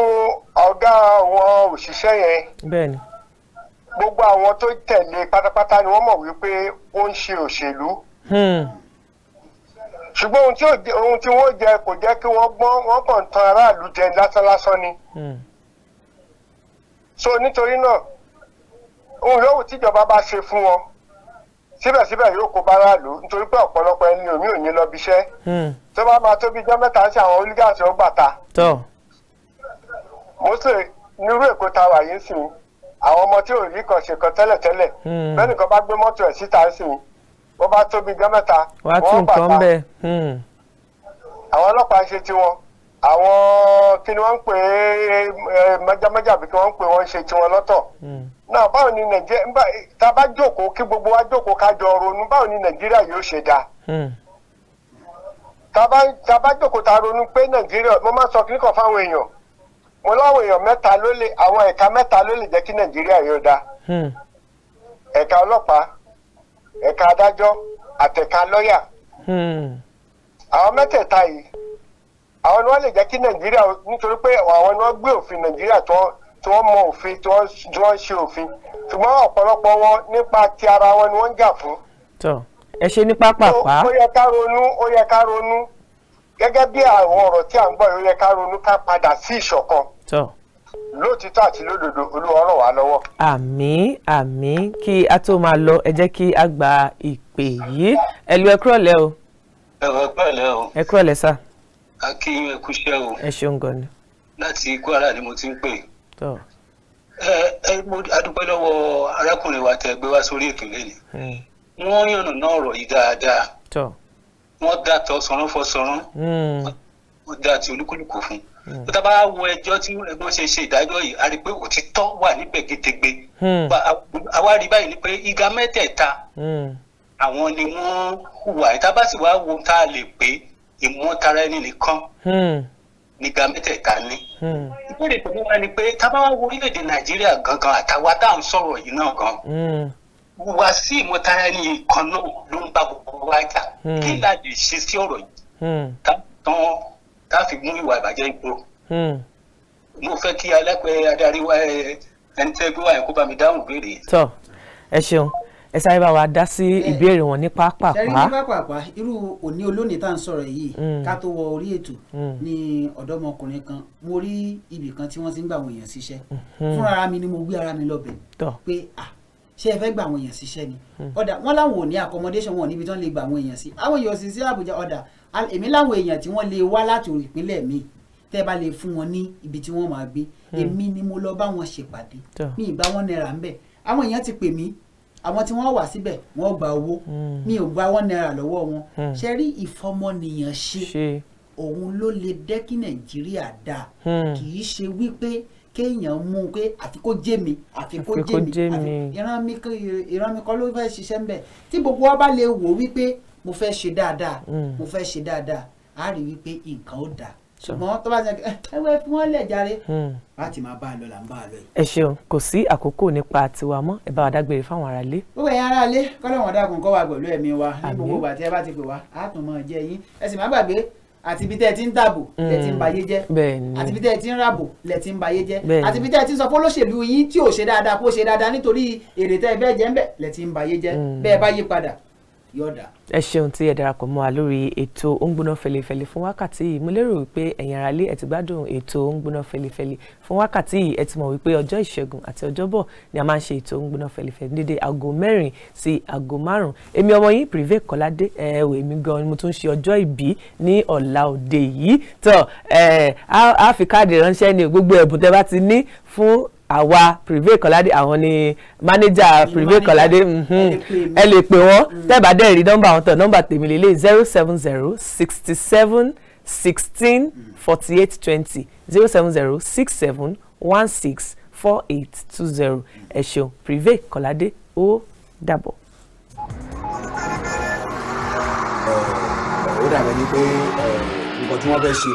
ọ̀gá àwọn òṣìṣẹ́ yẹn bẹ́ẹ̀ni gbogbo àwọn tó tẹ̀lé pátápátá ni wọ́n mọ̀ wípé ó ń ṣe òṣèlú hmm. ṣùgbọ́n ohun tí wọ́n jẹ kò jẹ́ kí wọ́n gbọ́n wọ́n kàn tan aráàlú jẹ lásán lásán ni hmm. so nítorí náà ohun yòówù tíjọba bá ṣe fún wọn síbẹ̀síbẹ̀ yóò kó báráàlú nítorí pé ọ̀pọ̀lọpọ̀ ẹni omi ò ní lọ bíṣẹ́ hmm. tó bá máa tóbi jọ́ mẹ́ta sí àwọn oligarchy ó gbàta. mọ́sẹ̀ nírú èkó ta wà yìí sìn àwọn ọmọ tí ò rí kan ṣe kan tẹ́lẹ̀tẹ́lẹ̀ hmm. bẹ́ẹ̀ nìkan bá gbé mọ́tò ẹ̀ síta sìn bó bá tóbi jọ́ mẹ́ta wọ́n gbàta hmm. àwọn ọlọ́pàá ṣe tiwọn àwọn kí ni wọ́n ń pè é mẹ́jàmẹ́jà bí kí wọ́n ń pè wọ́n ṣe tiwọn lọ́tọ̀. náà báwo ni nàìjíríà tá a bá jókòó kí gbogbo wa jókòó ká jọ ronú báwo ni nàìjíríà yóò ṣe dáa hmm. tá a bá jókòó ta ronú pé nàìjíríà mo máa sọ kíníkan fáwọn èèyàn mo láwọn èèyàn mẹ́ta ló lè àwọn ẹ̀ka mẹ́ta ló lè jẹ́ kí nàìjíríà yóò dáa hmm. ẹ̀ka ọlọ́pàá ẹ̀ka adájọ́ àtẹ̀ka lọ́ọ̀yà hmm. àwọn mẹ́tẹ̀ẹ̀ta yìí àwọn ni wọ́n lè jẹ́ kí nàìjíríà nítorí pé àwọn ni wọ́n gbé òfin nàìjíríà tó tí wọ́n mọ òfin tí wọ́n ṣe òfin ṣùgbọ́n ọ̀pọ̀lọpọ̀ wọn nípa ti ara wọn ni wọ́n ń jà fún. tọ ẹ ṣe ní pápápá. ó yẹ ká ronú ó yẹ ká ronú gẹ́gẹ́ bí àwọn ọ̀rọ̀ tí à ń gbọ́ ó yẹ ká ronú ká padà sí ìṣọ̀kan. tọ lótìtọ́ àti lódodo olúwa ràn wá lọ́wọ́. àmín àmín kí a tó máa lọ ẹ jẹ́ kí a gba ìpè yìí ẹ lu ẹ kúrọ̀lẹ́ o. ẹ wọ ẹ o. ẹ kúrọ̀lẹ́ sá. a kí yín o. ẹ ṣeun gan ni. láti Kwara ni mo ti ń pè é adúpẹ́ lọ́wọ́ arákùnrin wa tẹ́ gbé wá sórí ètò lẹ́nu wọ́n yànnà náà ọ̀rọ̀ yìí dáadáa wọ́n dá tọ́ sọ̀rọ̀ fọ́ sọ̀rọ̀ hmm. wọ́n dá ti olúkúlùkù fún un tá a bá wo ẹjọ́ tí ẹgbọ́n ṣe ṣe ìdájọ́ yìí a rí i pé òtítọ́ wà níbẹ̀ gétegbe àwa hmm. rí báyìí ni pé iga mẹ́tẹ̀ẹ̀ta hmm. àwọn ni wọ́n hùwà ìta bá sì wá wo tá a lè pé ìmọ̀tara ẹni nìkan nígbà mẹ́tẹ̀ẹ̀ta ní. Hmm. ìbéèrè pẹ̀lú wa ni pé tábà wá wo orílẹ̀-èdè nàìjíríà gangan àtàwa tá à ń sọ̀rọ̀ yìí náà gan. wùwà hmm. sí ìmọ̀tara ni ìkan náà ló ń bá gbogbo wa jà hmm. kí la lè ṣe sí ọ̀rọ̀ yìí tán tá fi mú ìwà ìbàjẹ́ ipò. mo fẹ́ kí alápẹ̀ adarí wa ẹni tẹ́ gbé wa yẹn kó bá mi dáhùn ìbéèrè. tọ́ ẹ ṣeun ẹ sáré bá wa dá sí ìbéèrè wọn ní pápápá. ṣe rí ní pápápá irú òní olónìí tá à ń sọ̀rọ̀ yìí mm. ká tó wọ orí ètò mm. ní ọ̀dọ́mọkùnrin kan mo rí ibì kan tí wọ́n ti ń gbà àwọn èèyàn síṣẹ́ mm-hmm. fúnra mi ni mo gbé ara mi lọ bẹ̀ pé ah ṣé ẹ fẹ́ gba àwọn èèyàn síṣẹ́ ni mm. ọ̀dà wọ́n láwọn ò ní accommodation wọn níbi tí wọ́n lè gba àwọn èèyàn sí àwọn èèyàn sì sí Àbújá ọ̀dà èmi láwọn èèyàn tí wọ́n lè wá láti ìpínlẹ̀ mi tẹ́ bá lè fún wọn ní ibi tí wọ́n máa gbé èmi ni mo lọ bá wọn ṣèpàdé mi ì bá wọn náírà ń bẹ̀ àwọn èèyàn ti pè mí àwọn tí wọ́n wà síbẹ̀ wọ́n gba owó hmm. mi ò gba one naira lọ́wọ́ wọn hmm. ṣe rí ìfọmọnìyàn ṣe òun ló lè dẹ́ kí nàìjíríà dáa hmm. kì í ṣe wípé kéèyàn mú un pé àfi kó jẹ́ mi àfi kó jẹ́ mi ìran mi kọ́ ló fẹ́ ṣiṣẹ́ ń bẹ̀ tí gbogbo wa bá lè wò wípé mo fẹ́ ṣe dáadáa mo fẹ́ ṣe dáadáa a rí wípé nǹkan ó dáa ṣùgbọ́n tó bá jẹ eh, ẹ wẹ fún wọn lẹ̀ jàre hmm. láti máa bá a lọ là ń bá a lọ yìí. ẹ ṣeun kò sí àkókò nípa tiwa mọ́ ẹ bá wa dágbére fáwọn aráalé. gbogbo ẹ̀yin aráalé kọ́lọ́wọ́n dákun kọ́ wa pẹ̀lú ẹ̀mí wa ní gbogbo ìgbà tí ẹ bá ti pè wá á tún mọ̀ jẹ́ yín ẹ sì má gbàgbé àti ibi tẹ́ ẹ ti ń dàbò lẹ́ ti ń hmm. bayé jẹ́ àti ibi tẹ́ ẹ ti ń ràbò lẹ́ ti ń bayé jẹ́ àti ibi tẹ́ ẹ ti ń sọ fún olóṣèlú yín tí ò ṣe dáadáa kó ṣe dáadáa nítorí èrè tẹ́ ẹ bẹ́ẹ̀ jẹ́ ń bẹ̀ lẹ́ ti ń bayé jẹ́ hmm. bẹ́ẹ̀ bá yí padà yọ̀dà. ẹ ṣeun tí ẹ darapọ̀ mọ́ wa lórí ètò ó ń gbóná fẹlifẹli fún wákàtí yìí mo lérò wípé ẹ̀yin aráalé ẹ ti ètò ó fẹlifẹli fún wákàtí yìí ẹ ti mọ̀ wípé ọjọ́ ìṣẹ́gun àti ọjọ́bọ̀ ni a máa ń ṣe ètò ó ń gbóná fẹlifẹli dédé aago mẹ́rin sí aago márùn-ún èmi ọmọ yín Prevail Kọ́ládé ẹ wò èmi gan mo tún ṣe ọjọ́ ìbí ní ọ̀la òde yìí tó ẹ á fi káàdì ránṣẹ́ ní gbogbo ẹ̀bùn tẹ bá ti ní fún àwa Prevail Kọ́ládé àwọn ni mánéjà Prevail Kọ́ládé ẹ lè pè wọ́n tẹ́ẹ̀bá dẹ́ rí nọ́mbà àwọn tán nọ́mbà tèmi lélẹ̀ zero seven zero sixty seven sixteen forty eight twenty zero seven zero six seven one six four eight two zero ẹ ṣeun Prevail Kọ́ládé ó dàbọ̀. ó dàbẹ̀ ni pé nǹkan tí wọ́n fẹ́ ṣe.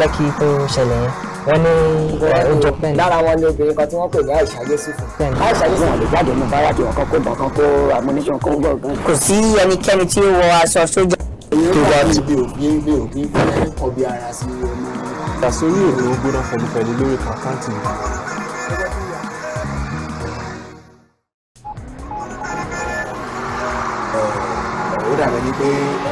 lẹ́kì tó ṣẹlẹ̀ wọ́n ní lára wọn ni obìnrin kan tí wọ́n pè ní àìsà yéṣùfù àìsà yéṣùfù wọn lè jáde mú báyà tí wọ́n kọ́ kó bọ̀ kan kó amúnísàn kó gbọ̀ gan. kò sí ẹnikẹ́ni tí ó wọ aṣọ sójà. tó bá ti bí òbí ń gbé òbí ń fẹ́ kọbi ara sí ọmọ. ìdásórí èrò ó gbóná fẹlifẹli lórí pàkáǹtì mi. ó dàbẹ̀ ni pé